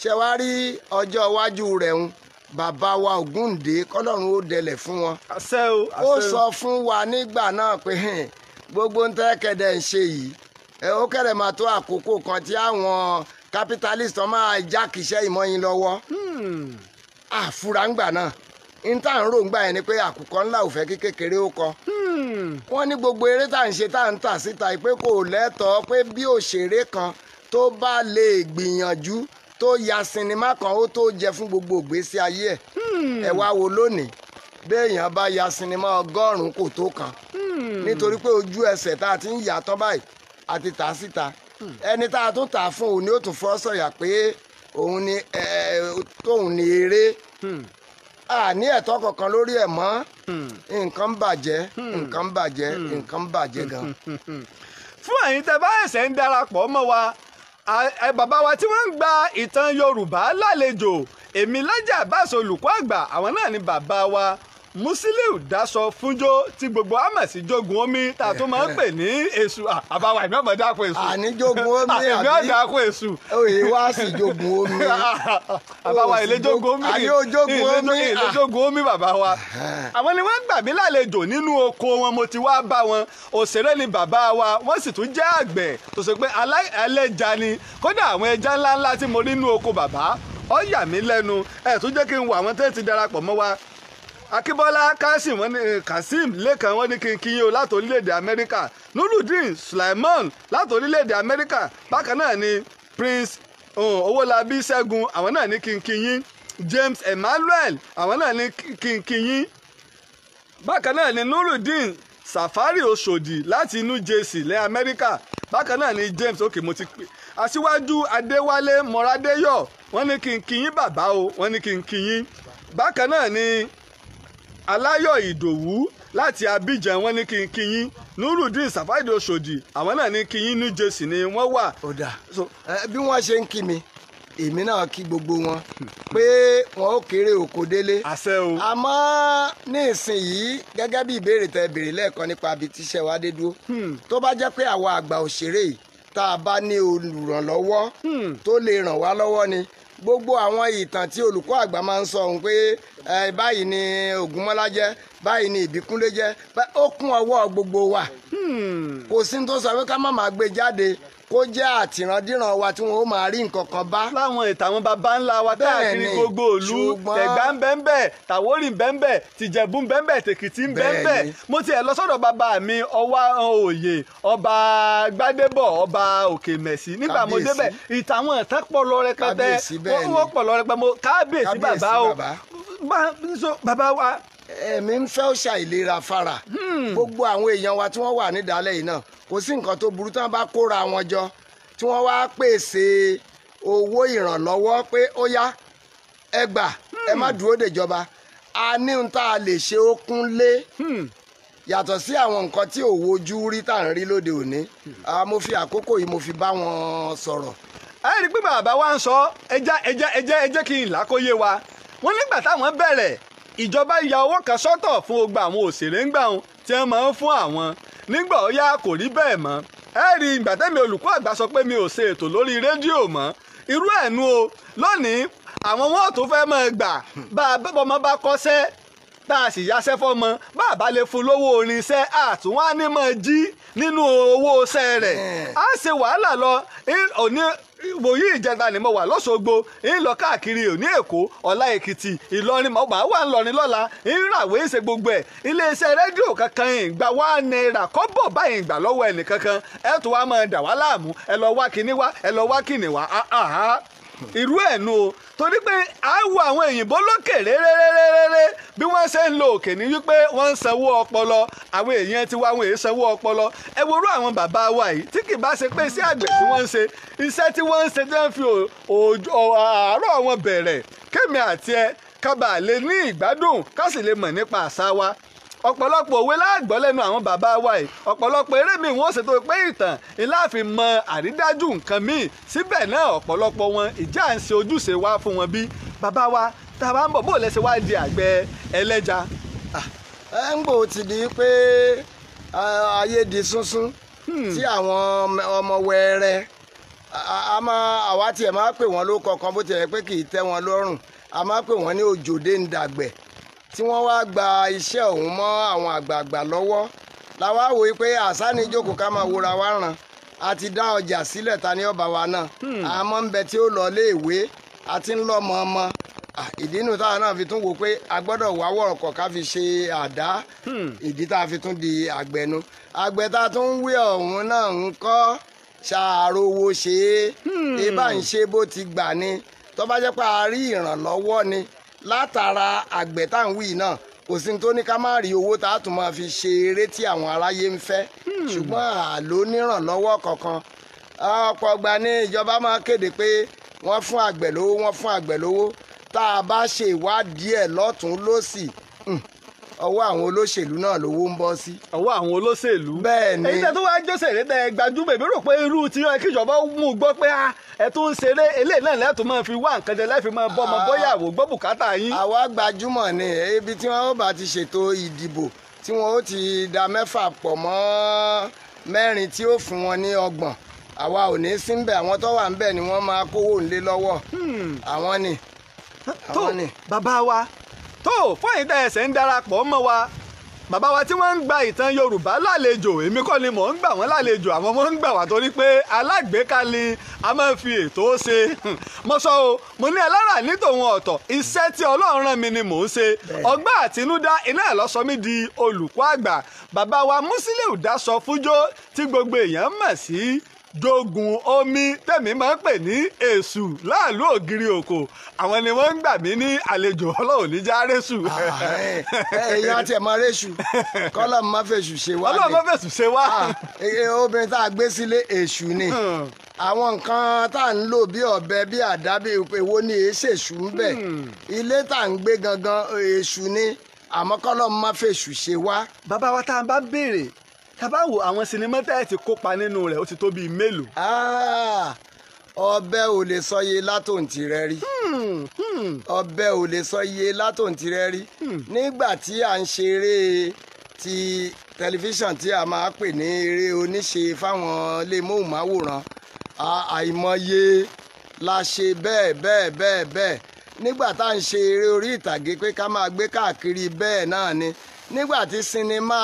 ṣe wá rí ọjọ́ iwájú rẹ̀ ń bàbá wa Ògúndé kọ́lọ́run ó dẹlẹ̀ fún wọn. ó sọ fún wa nígbà náà pé gbogbo ń tẹ́ kẹ̀dẹ̀ ń ṣe yìí ó kẹ̀rẹ̀ máa tó àkókò kan tí àwọn capitalist máa jákìṣẹ́ ìmọ̀ yín lọ́wọ́ hmm. àfúráǹgbà náà n tá à ń ròǹgbà yẹn ni pé àkùkọ ńlá ò fẹ́ kí kékeré ó kọ. Hmm. wọ́n ní gbogbo eré tá à ṣe tá à tà síta pé kò lẹ́tọ̀ọ́ pé bí òṣèré kan tó bá lè gbìyànjú tó ya sinimá kan ó tó jẹ fún gbogbo ìgbésí ayé ẹ̀ hmm. ẹ wá wo lónìí béèyàn bá ya sinimá ọgọ́rùn-ún kò tó kan hmm. nítorí pé ojú ẹsẹ̀ tá a ti ń yà tán báyìí àti ti tà síta hmm. ẹni tá a tún tà fún òun ni ó tún fọ́ sọ̀yà pé òun ni ẹ tóun ni eré a ní ẹ̀tọ́ kankan lórí ẹ̀ mọ́ nǹkan bàjẹ́ nǹkan bàjẹ́ nǹkan bàjẹ́ gan. fún ẹ̀yin tẹ́ bá ẹ̀sẹ̀ ń darapọ̀ mọ́ wa bàbá wa tí wọ́n ń gba ìtàn Yorùbá lálejò Èmilájà Abbas olùkọ́ àgbà àwọn náà ni bàbá wa Musiliu Daso Funjo tí gbogbo àmọ̀ sí jogun omi tá a tún máa ń pè ní èṣù àbáwá ìmọ̀ ọ̀mọ̀ dáko èṣù. àní jogun omi àbí àbí ọ̀mọ̀ dáko èṣù. òye wá sí jogun omi. àbáwá ilé jogun omi àní ó jogun omi ilé jogun omi bàbá wa. àwọn ni wọ́n gbà mí lálejò nínú oko wọn mo ti wá bá wọn òṣèré ni bàbá wa wọ́n sì tún jẹ́ àgbẹ̀ tó ṣe pé ẹlẹ́ja ni kódà àwọn ẹja ńláńlá tí mo rí nínú oko bàbá ó yà mí lẹ́nu ẹ̀ tún jẹ́ kí n wọ àwọn tẹ́ẹ̀ ti darapọ̀ mọ́ wa akínbọ́lá kasim eh, kasim lẹ́kan wọ́n ní kínkín o láti orílẹ̀-èdè amẹ́ríkà nurudeen sulaimon láti orílẹ̀-èdè amẹ́ríkà bákan náà ni prince oh, owólabí ṣẹ́gun àwọn náà ní kínkín yín james emmanuel àwọn náà ní kínkín yín bákan náà ni nurudeen safari oṣòdì láti inú jersey lẹ́ amẹ́ríkà bákan náà ni james òkè mo ti pè aṣíwájú adéwálé mọ́rádéyọ̀ wọ́n ní kínkín yín bàbá o wọ́n ní kínkín yín bákan náà ni aláyọ̀ ìdòwú láti abidjan wọ́n ní kí n kíyín nurudeen safaidi oṣòdì àwọn náà ní kíyín new jersey ni wọ́n wà. ó dà bí wọ́n ṣe ń kí mi èmi náà kí gbogbo wọn pé wọn ó kéré oko délé. àṣẹ o. àmọ́ ní ìsinyìí gẹ́gẹ́ bí ìbéèrè tẹ béèrè lẹ́ẹ̀kan nípa ibi tíṣẹ́ wa dé dúró. Hmm. tó bá jẹ́ pé àwa àgbà òṣèré yìí tá a bá ní olùrànlọ́wọ́ hmm. tó lè ràn wá lọ́wọ́ ni gbogbo àwọn ìtàn tí olùkọ́ àgbà máa ń sọ ohun pé báyìí ni Ògúnmọ́lá jẹ́ báyìí ni Ìbíkúnlé jẹ́ ó kún ọwọ́ gbogbo wa hmm. kò sí ní tó sọ pé ká má máa gbé jáde kó jẹ́ àtìrandíran wa tí wọ́n ó máa rí nǹkan kan bá. láwọn ìtàwọn baba ńlá wa káàkiri gbogbo òlu tẹ̀gbá ń bẹ́ńbẹ́ tàwórì ń bẹ́ńbẹ́ tìjẹ̀bú ń bẹ́ńbẹ́ tèkìtì ń bẹ́ńbẹ́ mo tiẹ̀ lọ sọ́dọ̀ bàbá mi ọwá òye ọba gbádébọ̀ ọba òkè nígbà mo débẹ̀ ìtàwọn ìtàn pọ̀lọ rẹpẹtẹ wọ́n pọ̀lọ rẹpẹtẹ mo kábíyèsí bàbá o bàbá wa ẹ̀mí ń fẹ́ òṣà ìlera fara hmm. gbogbo àwọn èèyàn wa tí wọ́n wà nídàálẹ̀ yìí náà kò sí nǹkan tó burú tí wọ́n bá kóra wọn jọ tí wọ́n wá pèsè owó ìrànlọ́wọ́ pé ó yá ẹ gbà ẹ má hmm. dúró dèjọba a ní n tá a lè ṣe ó kún lé hmm. yàtọ̀ sí àwọn nǹkan tí òwò ojú rí tá à ń rí lóde òní mo fi àkókò yìí mo fi bá wọn sọ̀rọ̀. a rí i pé bàbá wa ń sọ ẹja ẹja kí n là kó yé wa wọn nígbà táwọn bẹ̀rẹ̀ ìjọba ya owó kan sọ́tọ̀ fún ogba àwọn òṣèré ń gbà wọn tí wọ́n máa ń fún àwọn nígbà ó yá kò rí bẹ́ẹ̀ mọ́ ẹ rí ìgbà tẹ́mi olùkọ́ àgbà sọ pé mi ò ṣe ètò lórí rédíò mọ́ irú ẹ̀ nu o lónìí àwọn wọn tó fẹ́ máa gbà bá a bọ́mọ bá kọ́ṣẹ́ tá a sì yáṣẹ́ fọ́mọ bá a bá lè fún lówó orin iṣẹ́ àtúnwá ní mọ̀ jí nínú owó iṣẹ́ rẹ̀ á ṣe wàhálà lọ òní wòyí ìjẹta ni mo wà lọ́sọ̀gbọ̀ ń lọ káàkiri òní èkó ọ̀la èkìtì ìlọrin mo bá wà ńlọrin lọ́la ń ràwé ṣe gbogbo ẹ̀ iléeṣẹ́ rédíò kankan ìgbà wà náírà kọ́bọ̀ báyìí ìgbà lọ́wọ́ ẹnì kankan ẹ̀ tó wá máa dà wá láàmú ẹ lọ wá kíní wá ẹ lọ wá kíní wá áhà. Ah, ah, ah irú ẹ̀ nu o torí pé a wo àwọn èyìnbó lókè réréréréré bí wọ́n ṣe ń lo òkè ní wípé wọ́n ń sanwó ọpọlọ àwọn èèyàn ti wá àwọn èèyàn sanwó ọpọlọ ẹ worú àwọn bàbá wa yìí tí kì bá ṣe pé iṣẹ́ àgbẹ̀ tí wọ́n ń ṣe iṣẹ́ tí wọ́n ń ṣe tí wọ́n fi àárọ̀ wọn bẹ̀rẹ̀ kémi àti ẹ ká bàa lè ní ìgbádùn ká sì lè mọ̀ nípa àṣà wa ọ̀pọ̀lọpọ̀ òwe láàgbọ́ lẹ́nu àwọn bàbá wa yìí ọ̀pọ̀lọpọ̀ eré mi wọ́n ṣètò pé ìtàn ìláàfin mọ àrídájú nǹkan míì síbẹ̀ náà ọ̀pọ̀lọpọ̀ wọn ìjà ń ṣe ojúṣe wa fún wọn bí bàbá wa tá a bá ń bọ̀ bó lẹ́sẹ̀ wá di àgbẹ̀ ẹlẹ́ja. ẹ ń gbò ti di pé ayé di súnsún hmm. tí àwọn ọmọ wẹrẹ a máa àwa tiẹ̀ máa pè wọ́n ló kọ̀ọ̀kan bó tiẹ̀ pé kì í tẹ́ wọn lọ́rùn a máa pè wọ́n ní òjòdè ń dàgbẹ̀ tí wọ́n wá gba iṣẹ́ ọ̀hún mọ́ àwọn àgbààgbà lọ́wọ́ làwa wò ó pé àṣà ni ìjókòó ká máa wòra wa ràn a ti dá ọjà sílẹ̀ ta ní ọba wa náà àmọ́ hmm. ń bẹ tí ó lọ léèwé àti ń lọ mọ́ọ́mọ ìdí inú náà fi tún wò pé a gbọ́dọ̀ wáwọ̀ ọkọ̀ ká fi ṣe àdá hmm. ìdí tá a fi tún di àgbẹ̀nu àgbẹ̀ tá a tún ń wí ọ̀hún náà ń kọ́ ṣàròwò ṣe é hmm. ibà ń ṣe bó ti gbà ni tó a rí ìrànlọ́wọ́ ni látara àgbẹ̀ tá à ń wí náà kò sí tó ní ká má rí owó tá a tún máa fi ṣe eré tí àwọn aráyé ń fẹ́ hmm. ṣùgbọ́n àló nírànlọ́wọ́ kankan ọ̀pọ̀ ọgbà ní ìjọba máa kéde pé wọ́n fún àgbẹ̀ lówó wọ́n fún àgbẹ̀ lówó tá a bá ṣe ìwádìí ẹ̀ lọ́tún lọ́sì hmm, ọwọ́ àwọn olóṣèlú náà lówó ń bọ́ sí. ọwọ́ àwọn olóṣèlú. bẹ́ẹ̀ ni èyí tẹ́ tó wáá jóṣèré tẹ gbajúmọ̀ èmi rò pé irú tí wọn kíjọba mú gbọ́ pé ah, ẹ tó ń ṣeré eléyìí náà lẹ́tọ̀ máa fi wá nǹkan jẹ lẹ́fi máa bọ́ ọmọ ah. bọ́yàwó gbọ́ bùkátà yín. àwa gbajúmọ̀ ni ibi tí wọ́n bá ti ṣètò ìdìbò tí wọ́n ó ti da mẹ́fà pọ̀ mọ́ mẹ́rin tí ó fún wọn ní ọgbọ̀n àwa ò ní sí ńbẹ̀ àwọn tó wà ńbẹ̀ ni wọ́n máa kówó ńlé lọ́wọ́ hmm. àwọn ni. tó bàbá wa tó fọyín tẹ ẹsẹ̀ ń darapọ̀ mọ́ wa bàbá wa tí wọ́n ń gba ìtàn yorùbá lálejò èmi kọ́ ni mò ń gbà wọ́n lálejò àmọ́ wọ́n ń gbà wá torí pé alágbèéká ni a máa ń fi ètò ṣe mo sọ o mo ní alára ní tòun ọ̀tọ̀ iṣẹ́ tí ọlọ́run rán mi ni mò ń ṣe ọgbà àtinúdá iná ìlọ́sọ mi di olùkọ́ àgbà bàbá wa Musiliu Dasọfúnjó tí gbogbo èèyàn mọ̀ sí jogun omi tẹ̀mí máa ń pè ní èṣù láàlú ògiri òkò àwọn ni wọ́n ń gbà mí ní àlejò ọlọ́run níjà rẹ́ṣù. ẹ̀yin ah, eh, eh, àti ẹ̀ máa rẹ́ṣù kọ́lá máa fèṣù ṣe wá. ọlọ́run máa fèṣù ṣe wá. Ah, eh, obìnrin tá a gbé sílé èṣù ni hmm. àwọn nǹkan tá à ń lò bí ọ̀bẹ bí àdá bí èwo ni èṣèṣù ń bẹ hmm. ilé tá à ń gbé gangan èṣù ni àmọ́ kọ́lá máa fèṣù ṣe wá. bàbá wa tá a bá béèrè tàbá wo àwọn sinimá tẹ́ẹ̀ ti kópa nínú rẹ̀ ó ti tó bíi mélòó. Ah, ọbẹ̀ ò lè sọ iye látòǹtì rẹ rí hmm, hmm. ọbẹ̀ ò lè sọ iye látòǹtì rẹ rí hmm. nígbà tí à ń ṣeré ti tẹlifíṣàn tí a máa pè ní eré oníṣe fáwọn ilé móhùnmáwòrán àìmọye la ṣe bẹ́ẹ̀ bẹ́ẹ̀ bẹ́ẹ̀ bẹ́ẹ̀ nígbà tá à ń ṣe eré orí ìtàgé pé ká máa gbé káàkiri bẹ́ẹ̀ náà ni nígbà tí sinimá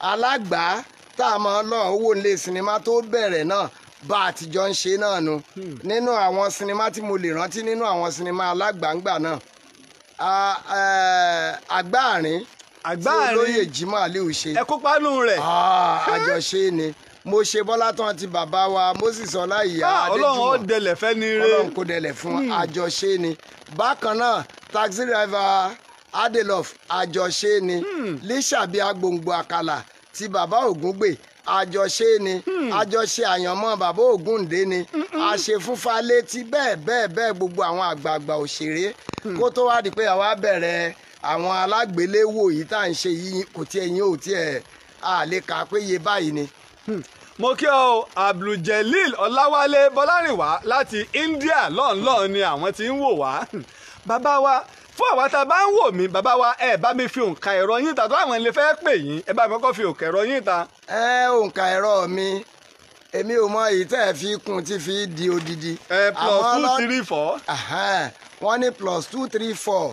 alágbá tá a mọ̀ lọ́ọ̀ wò nílé sinimá tó bẹ̀rẹ̀ náà bá a ti jọ ń ṣe náà nu hmm. nínú àwọn sinimá tí mo lè rántí nínú àwọn sinimá alágbàǹgbà náà àgbáàrin tí olóyè Jimoh Aliu ṣe ẹ kópa nù rẹ̀ àjọṣe ni mo ṣe bọ́lá tán ti bàbá wa Moses ọláìyá adéjúmọ̀ ah, ọlọ́run ó dẹlẹ̀ fẹ́ ni rẹ ọlọ́run kò dẹlẹ̀ fún hmm. àjọṣe ni bákan náà taxi driver adelof àjọṣe ni hmm. lísàbí agbòǹgbò àkàlà ti bàbá ògúngbè àjọṣe ni hmm. àjọṣe àyànmọ́ bàbá ògúndé ni àṣefúnfa létí bẹ́ẹ̀ bẹ́ẹ̀ bẹ́ẹ̀ gbogbo àwọn àgbààgbà òṣèré hmm. kó tó wá di pé àwa bẹ̀rẹ̀ àwọn alágbéléwò yìí tá à ń ṣe yìí kò tiẹ̀ yín ò tiẹ̀ àlékà péye báyìí ni mo kí ọ abdulgelil ọláwálé bọlárìnwá láti india lọ́nlọ́ọ̀ ni àwọn tí ń wò wá bàbá wa fún àwa tá a bá ń wò mí bàbá wa ẹ bá mi fi òǹkà ẹ̀rọ yín ta tó àwọn ilé fẹ́ pè yín ẹ bá mi kọ́kọ́ fi òǹkà ẹ̀rọ yín ta. ẹ òǹkà ẹ̀rọ mi èmi ò mọ èyí tẹ́ ẹ fi kún tí fi di odidi. ẹ plus two three four. wọ́n ní plus two three four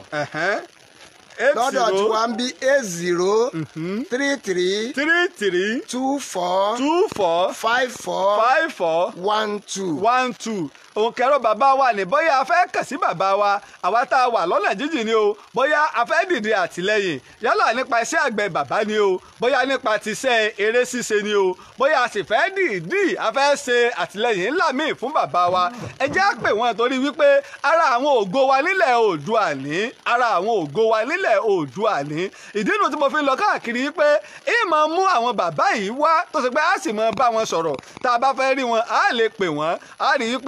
lọ́dọ̀ tí wọ́n ń bí eight zero mhm. three three three three two four two four five four five four one two one two òǹkẹ́rọ bàbá wa ní bóyá a fẹ́ kàn sí bàbá wa àwa tá a wà lọ́nà jíjìn ni o bóyá a fẹ́ dìde àtìlẹ́yìn yálà nípa iṣẹ́ àgbẹ̀ bàbá ni o bóyá nípa tiṣẹ́ eré ṣíṣe ni o bóyá a sì fẹ́ dìídì a fẹ́ ṣe àtìlẹ́yìn ńlá míì fún bàbá wa ẹ jẹ́ á pè torí wípé ara àwọn ògo wa nílẹ̀ Oòduà ní ara àwọn ògo wa nílẹ̀ Oòduà ní ìdí tí mo fi lọ káàkiri wípé ìmọ̀ mú àwọn bàbá yìí wá tó ṣe pé a sì mọ bá wọn sọ̀rọ̀ tá a bá fẹ́ rí wọn a lè pè wọ́n a rí i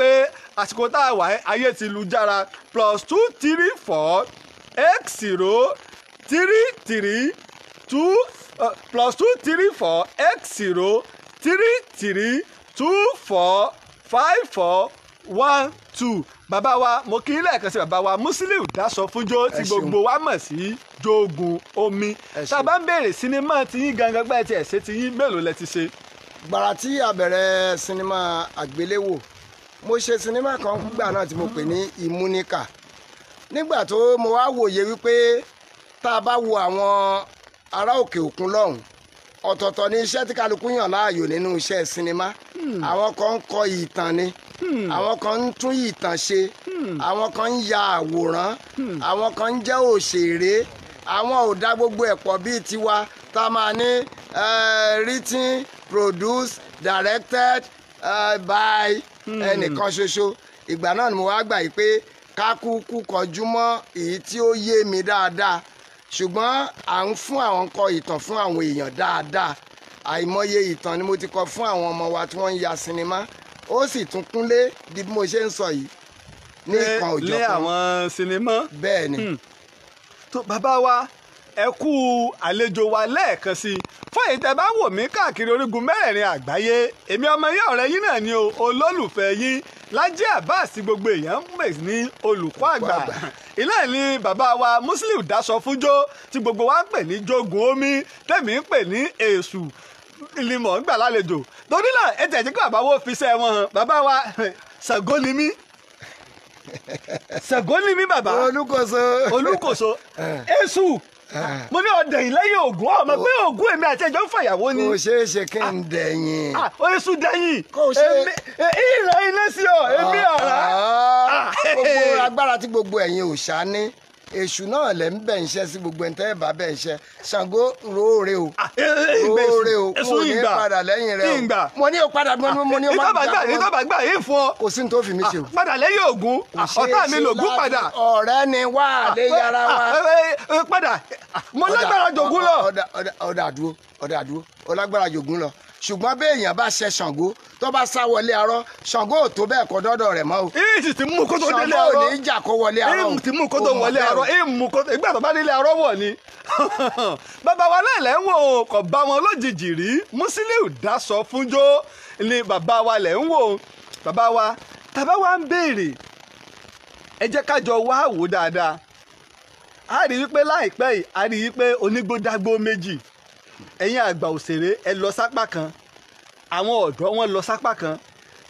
àsìkò tá a wà ayé ti lu jára plus two three four x zero three three two uh, plus two three four x zero three three two four five four one two bàbá wa mo kí lẹ́ẹ̀kan sí bàbá wa Musiliu Daso Funjo tí gbogbo wa mọ̀ sí jogun omi tá a bá ń béèrè sinimá tiyín gangan gbá ẹ ti ẹ̀ ṣe tiyín mélòó lẹ ti ṣe. gbàrà tí a bẹ̀rẹ̀ sinimá àgbéléwò mo ṣe sinimá kan gbà náà tí mo pè ní ìmúníkà nígbà tó mo wá wòye wípé tá a bá wo àwọn ará òkè òkun lọ́hùn ọ̀tọ̀ọ̀tọ̀ ni iṣẹ́ tí kálukú yàn láàyò nínú iṣẹ́ sinimá hmm. àwọn kan ń kọ ìtàn ni hmm. àwọn kan ń tún ìtàn ṣe hmm. àwọn kan ń ya àwòrán àwọn kan ń jẹ́ òṣèré àwọn ò dá gbogbo ẹ̀ pọ̀ bíi tiwa tá a máa ní eh, written produced directed uh, by Hmm. ẹnìkan ṣoṣo ìgbà náà ni mo wá gbà yìí pé ká kúkú kọjú mọ́ èyí tí ó yé mi dáadáa ṣùgbọ́n à ń fún àwọn kọ ìtàn fún àwọn èèyàn dáadáa àìmọye ìtàn ni mo ti kọ fún àwọn ọmọ wa tí wọ́n ń ya sinimá ó sì tún kúnlé di bí mo ṣe ń sọ yìí ní ìkan òjọ̀kan lé àwọn sinimá bẹ́ẹ̀ ni. Hmm. tó bàbá wa ẹ kú àlejò wa lẹ́ẹ̀kan sí i fún èyí tẹ́ bá wò mí káàkiri orígun mẹ́rẹ̀ẹ̀rin àgbáyé èmi ọmọ yín ọ̀rẹ́ yín náà ni o olólùfẹ́ yín Lájí Abbas gbogbo èèyàn mẹ̀ ní olùkọ́ àgbà ilé ní bàbá wa Musiliu Daṣọfúnjó tí gbogbo wa ń pè ní jogun omi tèmi ń pè ní èṣù ìlímọ̀ ń gbà lálejò torí náà ẹ tẹ̀ jẹ́ kí bàbá wo fi iṣẹ́ wọn bàbá wa Ṣàngó ni mí Ṣàngó ni mí bàbá olùkóso olùkóso eh. èṣù Ah. mo ní ọ̀dẹ̀yìn lẹ́yìn ògùn ọmọ pé ògùn èmi àti ẹjọ́ ń fàyàwó ni. kò ṣeé ṣe kí n ah. dẹ̀yìn. oṣù ah, dẹ̀yìn ìrìn iná sí ọ èmi ọ̀rá. gbogbo agbára tí gbogbo ẹ̀yin òòṣà ní èṣù náà lẹ̀ ń bẹ̀ ń ṣẹ́ sí gbogbo ẹ̀ńtẹ́ ẹ̀bà bẹ̀ ń ṣẹ́ ṣàngó roore o ah, eh, eh, eh, roore o mo ní padà lẹ́yìn rẹ o mo ní o padà mo ní o má gbà mo ah, ìtọ́ba gbà yìí fún ọ kò sí ní tó fi mi ah, ṣe o padà lẹ́yìn ògún ọ̀tá mi lògún padà ọ̀rẹ́ ni wà á lé yàrá wa padà mo lágbára jògún lọ. ọ̀dà dúró ọ̀dà dúró ọ̀lágbára jògún lọ ṣùgbọ́n bí èèyàn bá ṣe ṣàngó tó bá sá wọlé arọ ṣàngó ò tó bẹ́ẹ̀ kó dọ́dọ̀ rẹ̀ mọ́ o. èyí ti mú kótó délé arọ ṣàngó ò ní jà kó wọlé arọ o. èyí ti mú kótó wọlé arọ èyí mú kótó ìgbà tó bá délé arọ wọ̀ ni. bàbá wa lẹ́lẹ̀ ń wò ó kò bá wọn lójijì rí Musiliu Daso Funjo ni bàbá wa lẹ̀ ń wò ó bàbá wa tàbá wa ń béèrè ẹ jẹ́ ká jọ wá wò dáadáa a rí i pé láìpẹ́ yìí a rí i pé onígbódágbó méjì ẹ̀yin àgbà òṣèré ẹ lọ sápá kan àwọn ọ̀dọ́ wọn lọ sápá kan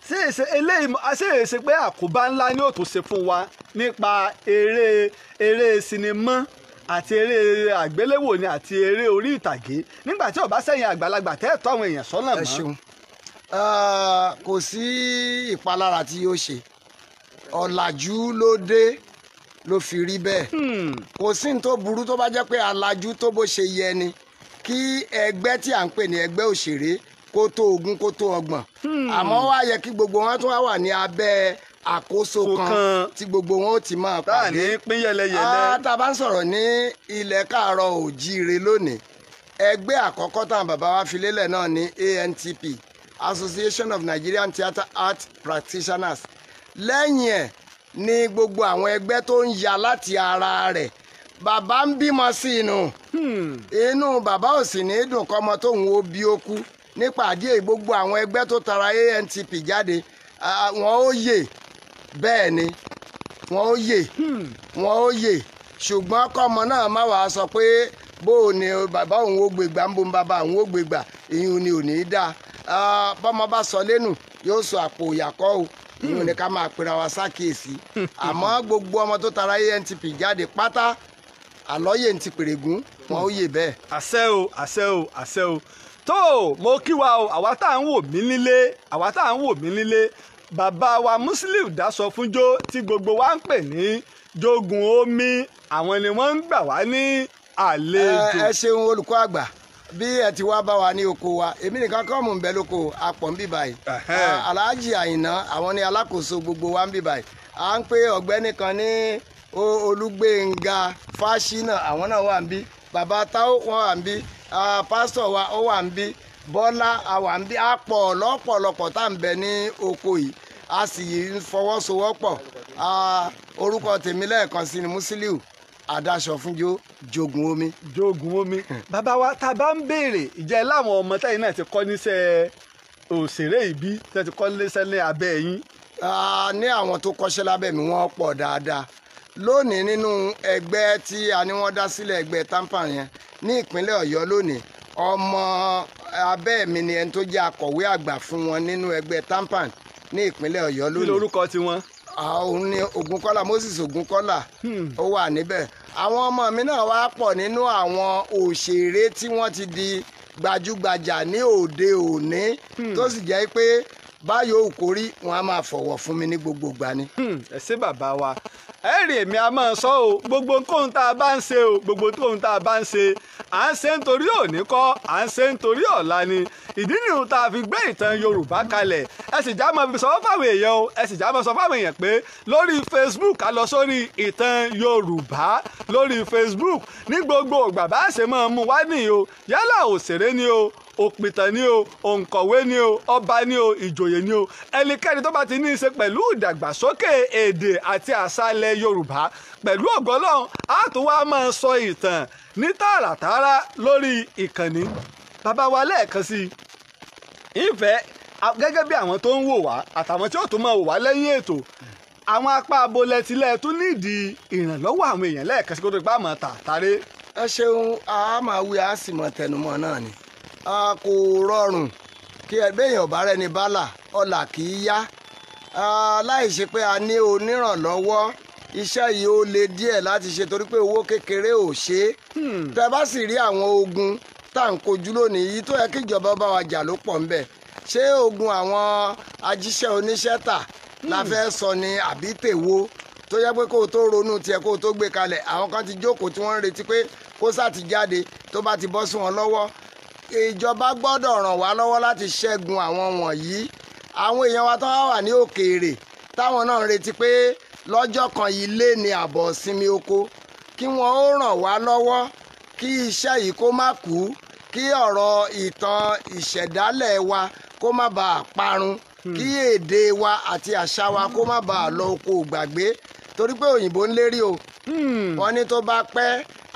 ṣèèṣe eléyìí ṣèèṣe pé àkóbá ńlá ni ó tún ṣe fún wa nípa eré eré sinimá àti eré àgbéléwò ni àti eré orí ìtàgé nígbà tí ó bá sẹ́yìn àgbàlagbà tẹ́ẹ̀tọ́ àwọn èèyàn sọ́nà mọ́. ẹ ṣeun kò sí ìpalára tí yóò ṣe ọ̀làjú ló dé ló fi rí bẹ́ẹ̀ hmm. kò sí ní tó burú tó bá jẹ́ pé àlàjú tó bó ṣe yẹ ni kí ẹgbẹ́ tí à ń pè ní ẹgbẹ́ òṣèré kó tó ogún kó tó ọgbọ̀n hmm. àmọ́ wá yẹ kí gbogbo wọn tún wà ní abẹ́ àkóso kan tí gbogbo wọn ó ti máa pàdé. táà ní pín yẹlẹyẹlẹ. Ah, a ta bá ń sọ̀rọ̀ ní ilẹ̀ káàárọ̀ òjíire lónìí ẹgbẹ́ àkọ́kọ́ táwọn bàbá wa fi lélẹ̀ náà ní ANTP Association of Nigerian Theatre Art Practitioners lẹ́yìn ẹ̀ ni gbogbo àwọn ẹgbẹ́ tó ń ya láti ara rẹ̀ bàbá ń bímọ sí inú hmm. inú bàbá ò sì ní í dùn kọ́mọ tóun ó bí ó kú nípàdé gbogbo àwọn ẹgbẹ́ tó tara ANTP jáde wọ́n ó yè bẹ́ẹ̀ ni wọ́n ó yè hmm. wọ́n ó yè ṣùgbọ́n kọ́mọ náà má wàá sọ pé bó o ní bàbá òun ó gbégbá ń bo bàbá òun ó gbégbá ìyún ni ò ní í dá bọ́mọ bá sọ lẹ́nu yóò sọ àpò ìyàkọ́ o ìyún ni hmm. ká máa pera wa sákèésí àmọ́ gbogbo ọmọ tó tara ANTP jáde pátá àlọ́yè ń ti pèrègún wọn ó yè bẹ́ẹ̀. àṣẹ o àṣẹ o àṣẹ o tó o mo kí wa o àwa tá à ń wò mí nílé àwa tá à ń wò mí nílé bàbá wa Musiliu Dáṣọfúnjó tí gbogbo wa ń pè ní jogun omi àwọn ni wọ́n ń gbà wá ní àlejò. ẹ ṣeun olùkọ́ àgbà bí ẹ ti wá bá wa ní oko wa èmi nìkan kọ́ mò ń bẹ lóko àpọ̀ ń bì báyìí Alhaji Àyìnà àwọn ni alákòóso gbogbo wa ń bì báyìí à ń pè ọ̀gbẹ́ni kan ní olùgbénga fáṣínà àwọn náà wà ń bí bàbá táwọ wà ń bí pásítọ̀ wa ó wà ń bí bọ́lá àwà ń bí a pọ̀ tá à ń bẹ ní oko yìí a sì ń fọwọ́sowọ́pọ̀ orúkọ tèmi lẹ́ẹ̀kan sí ni Musiliu adáṣọ fúnjó jogun omi. jogun omi bàbá wa tá a bá ń béèrè ìjẹ́ láwọn ọmọ táyì náà ti kọ́ níṣẹ́ òṣèré ìbí tẹ́ ti kọ́ níṣẹ́ ní abẹ́ yín. ní àwọn tó kọ́ṣẹ́ lábẹ́ mi wọ́n pọ̀ dáadáa lónìí nínú ẹgbẹ́ tí a ní wọ́n dá sílẹ̀ ẹgbẹ́ tampa yẹn ní ìpínlẹ̀ ọ̀yọ́ lónìí ọmọ abẹ́ mi ni ẹni tó jẹ́ akọ̀wé àgbà fún wọn nínú ẹgbẹ́ tampa ní ìpínlẹ̀ ọ̀yọ́ lónìí. kí lorúkọ tiwọn òun ni Ògúnkọ́lá Moses Ògúnkọ́lá hmm. ó wà níbẹ̀ àwọn ọmọ mi náà wá pọ̀ nínú àwọn òṣèré tí wọ́n ti di gbajúgbajà ní òde òní hmm. tó sì jẹ́ pé báyọ̀ òkórí wọn a máa fọ̀wọ̀ fún mi ní gbogbo ìgbà ni. Hmm. ẹ ṣé bàbá wa ẹ̀rì èmi a máa sọ o gbogbo nǹkan tá a bá ń ṣe o gbogbo nǹkan tá a bá ń ṣe à ń ṣe nítorí òní kọ́ à ń ṣe nítorí ọ̀la ni ìdí nìyí tá a fi gbé ìtàn Yorùbá kalẹ̀ ẹ sì já máa fi sọ fáwọn èèyàn o ẹ sì já máa sọ fáwọn èèyàn pé lórí Facebook a lọ sórí ìtàn Yorùbá lórí Facebook ní gbogbo ìgbà bá ṣe máa mú wá nìyí o yálà òṣèré ni o òpìtàn ni o òǹkọ̀wé ni o ọba ni o ìjòyè ni o ẹnikẹ́ni tó bá ti ní í ṣe pẹ̀lú ìdàgbàsókè èdè àti àṣà ilẹ̀ yorùbá pẹ̀lú ògbọ́lọ́hún a tún wá máa sọ ìtàn ní tààràtààrà lórí ìkànnì bàbá wa lẹ́ẹ̀kan sí i ìfẹ́ gẹ́gẹ́ bí àwọn tó ń wò wá àtàwọn tí ó tún máa wò wá lẹ́yìn ètò àwọn apá abolẹ̀ tilẹ̀ tún nídìí ìrànlọ́wọ́ àwọn èèyàn lẹ́ẹ̀kan sí kó tó àmọ́ tà tàrẹ. ẹ ṣeun a máa wí a sì mọ tẹnumọ́ náà ni a kò rọrùn kí ẹgbẹ́yìn ọ̀bá rẹ ní bálà ọ̀là kì í yá láì ṣe pé a ní onírànlọ́wọ́ iṣẹ́ yìí ó le díẹ̀ láti ṣe torí pé owó kékeré ò ṣe é hmm. tẹ́ bá sì rí àwọn ogun tá à ń kojú lónìí yìí tó yẹ kí ìjọba bá wa jà ló pọ̀ ńbẹ̀ ṣé ogun àwọn ajíṣẹ́ oníṣẹ́ tà hmm. la fẹ́ sọ ni àbí tèwo tó yẹ pé kó o tó ronú tiẹ̀ kó o tó gbé kalẹ̀ àwọn kan ti jókòó tí wọ́n ń retí pé kó sáà ti jáde tó bá ti bọ́ sí wọn lọ́wọ́ ìjọba gbọ́dọ̀ ràn wá lọ́wọ́ láti ṣẹ́gun àwọn wọ̀nyí àwọn èèyàn wa tó wà ní òkèèrè táwọn náà ń retí pé lọ́jọ́ kan yìí lé ní àbọ̀ ìsinmi oko kí wọ́n ó ràn wá lọ́wọ́ kí iṣẹ́ yìí kó má kú kí ọ̀rọ̀ ìtàn ìṣẹ̀dálẹ̀ wa kó má bàa parun hmm. kí èdè wa àti àṣà wa kó má bàa lọ oko gbàgbé torí pé òyìnbó ń lérí o hmm. wọ́n ní tó bá pẹ́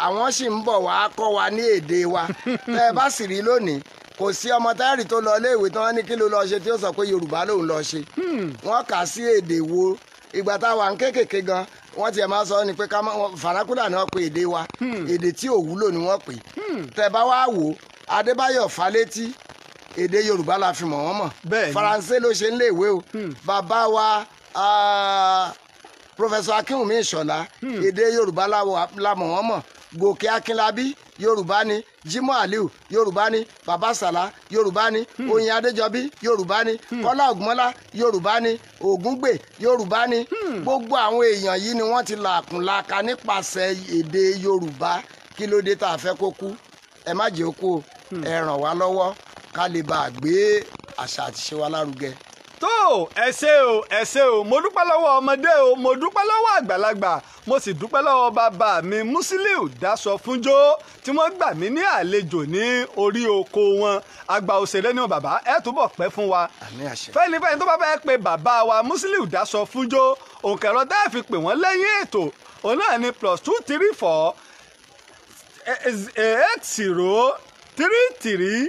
àwọn sì ń bọ̀ wá kọ́ wa ní èdè wa tẹ́ ẹ bá sì rí lónìí kò sí ọmọ táyàrì tó lọ iléèwé tí wọ́n ní kí ló lọ ṣe tí ó sọ pé yorùbá lòun lọ ṣe hmm. wọ́n kà á sí èdè wo ìgbà tá a wà ń kékèké gan wọ́n tiẹ̀ máa sọ ni pé ká má fàràkúdà náà pe èdè wa hmm. èdè tí ò ni wọ́n pè hmm. tẹ́ bá wá wò Adébáyọ̀ Fálétí èdè Yorùbá la fi mọ̀ wọ́n mọ̀ Faransé ló ṣe ń léèwé o hmm. bàbá wa Professor Akínwùmí Ìṣọ̀lá èdè Yorùbá la mọ̀ wọ́n mọ̀ gòkè akínlábí yorùbá ni jimoh aliu yorùbá ni baba sala yorùbá ni hmm. oyin adéjọbí yorùbá ni hmm. kọ́lá ògúnmọ́lá yorùbá ni ògúngbè yorùbá ni hmm. gbogbo àwọn èèyàn yìí ni wọ́n ti làkùnlàkà nípasẹ̀ èdè yorùbá kí ló dé tá a fẹ́ kó kú ẹ má jẹ́ ó ẹ ràn wá lọ́wọ́ ká lè bàa gbé àṣà àtiṣe wa lárugẹ tó ẹ ṣé o ẹ ṣé o mo dúpẹ́ lọ́wọ́ ọmọdé o mo dúpẹ́ lọ́wọ́ àgbàlagbà mo sì dúpẹ́ lọ́wọ́ bàbá mi Musiliu Daṣọ Fúnjó tí wọ́n gbà mí ní àlejò ní orí oko wọn àgbà òṣèré ni bàbá ẹ túbọ̀ pẹ́ fún wa fẹ́ni fẹ́ni tó bá fẹ́ pe bàbá wa Musiliu Daṣọ Fúnjó òǹkẹ̀rọ tẹ́ fi pè wọ́n lẹ́yìn ètò òun náà ni plus two three four eh, eh, eh, eight zero three three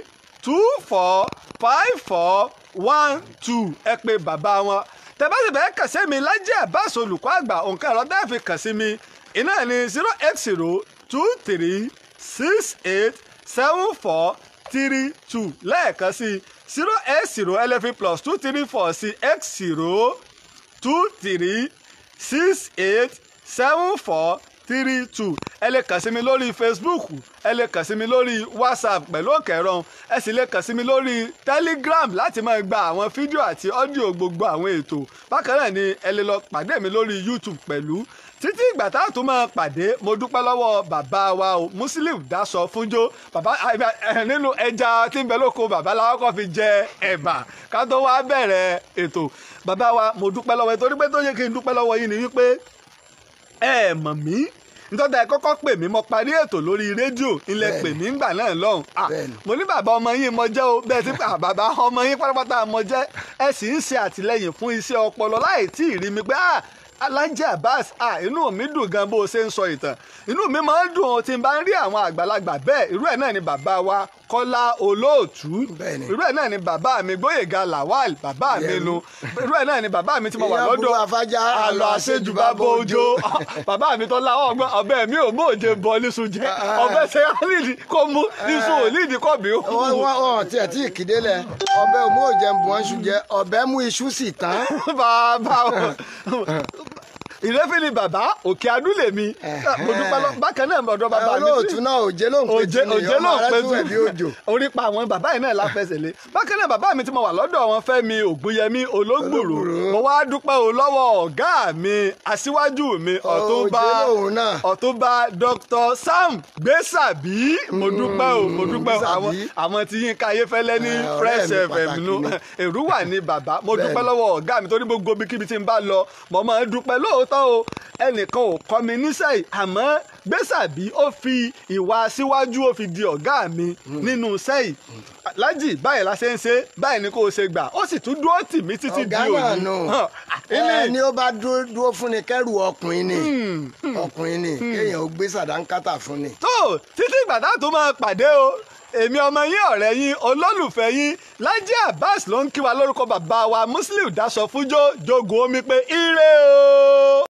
two four five four one two ẹ pé bàbá wọn tẹ́bẹ́sì kàn sí mi Laji Abbas olùkọ́ àgbà òǹkà ẹ̀rọ dẹ́ẹ̀ fi kàn sí mi iná ní zero eight zero two three six eight seven four three two lẹ́ẹ̀kan sí zero eight zero ẹlẹ́fi plus two three four sí x zero two three six eight seven four three two ẹ lè kàn sí mi lórí facebook ẹ lè kàn sí mi lórí whatsapp pẹ̀lú òkèrán ẹ sì lè kàn sí mi lórí telegram láti máa gba àwọn fídíò àti ọ́díò gbogbo àwọn ètò bákan náà ni ẹ lè lọ pàdé mi lórí youtube pẹ̀lú títí ìgbà tá a tún máa pàdé mo dúpẹ́ lọ́wọ́ bàbá wa o muslim daṣọ fúnjó bàbá nínú ẹja tí ń bẹ lóko bàbá làwọn kan fi jẹ ẹ̀bà ká tó wá bẹ̀rẹ̀ ètò bàbá wa mo dúpẹ́ lọ́wọ́ ẹ torí pé tó yẹ kí n dúpẹ́ lọ́wọ́ yìí ni wípé ẹ mọ̀ mí nítorí ẹ kọ́kọ́ pè mí mo parí ètò lórí rédíò ilẹ̀ pè mí ńgbà náà lọ́hùn mo ní bàbá ọmọ yín mo jẹ́ o bẹ́ẹ̀ sí pé bàbá ọmọ yín pátápátá mo jẹ́ ẹ sì ń ṣe àtìlẹyìn fún iṣẹ́ ọpọlọ láì tí ì rí mi pé alájẹ Abbas inú mi dùn gan bó o ṣe ń sọ ìtàn inú mi máa ń dùn o tí n bá ń rí àwọn àgbàlagbà bẹ́ẹ̀ irú ẹ̀ náà ni bàbá wa kọ́lá olóòtú irú ẹ̀ náà ni bàbá mi gbóyèga lawal bàbá mi nu irú ẹ̀ náà ni bàbá mi ti mọ wà lọ́dọ̀ àlọ́ àṣejù bàbá ojó bàbá mi tọ́lá ọgbọ́n ọbẹ̀ mi ò mú bọ́ nísun jẹ́ ah, ah. ọbẹ̀ ṣe alídìí kò mú ah, nísun òlídìí kò bí ó. wọn ò tiẹ̀ tí ì kéde lẹ ọbẹ̀ ò mú bọ́ nísun jẹ́ ọbẹ̀ mú iṣu sì tán. ìrẹ́fì ni bàbá òkè adú mi. mo dúpẹ́ lọ bákan náà ọ̀dọ̀ bàbá mi. olóòtú náà òjé ló ń pè jù ní ọmọ arẹ́tù ẹ̀bí òjò. orí pa àwọn bàbá yìí náà láfẹsẹ̀ lé bákan náà bàbá mi tí mo wà lọ́dọ̀ wọn Fẹ́mi Ògúnyẹmí Ológbùrú mo wá dúpẹ́ o lọ́wọ́ ọ̀gá mi aṣíwájú mi ọ̀túnba ọ̀túnba Dr. Sam Gbèsàbí mo mm, dúpẹ́ o mo dúpẹ́ o àwọn tí Yínká Ayéfẹ́lẹ́ ní Fresh FM nù èrú wà ní bàbá mo dúpẹ́ lọ́wọ́ ọ̀gá mi torí gbogbo ibikíbi tí n bá lọ mo máa ń dúpẹ́ lóòót lóòótọ́ o ẹnìkan ò kọ́ mi níṣẹ́ yìí àmọ́ gbèsàbí ó fi ìwà síwájú ó fi di ọ̀gá mi nínú iṣẹ́ yìí lájì báyìí la ṣe ń ṣe báyìí ni kò ṣe gbà ó sì tún dúró tì mí títí di òní. ẹni ó bá dúró fún ni kẹ́rù ọkùnrin ni hmm, hmm. ọkùnrin ni hmm. kéèyàn ó gbé sàdánkátà fún ni. tó títí gbàdá tó máa pàdé o èmi ọmọ yín ọ̀rẹ́ yín olólùfẹ́ yín Lájí Abbas ló ń kí wa lórúkọ bàbá wa Musiliu Daṣọ Fújó jogun omi pé ire o.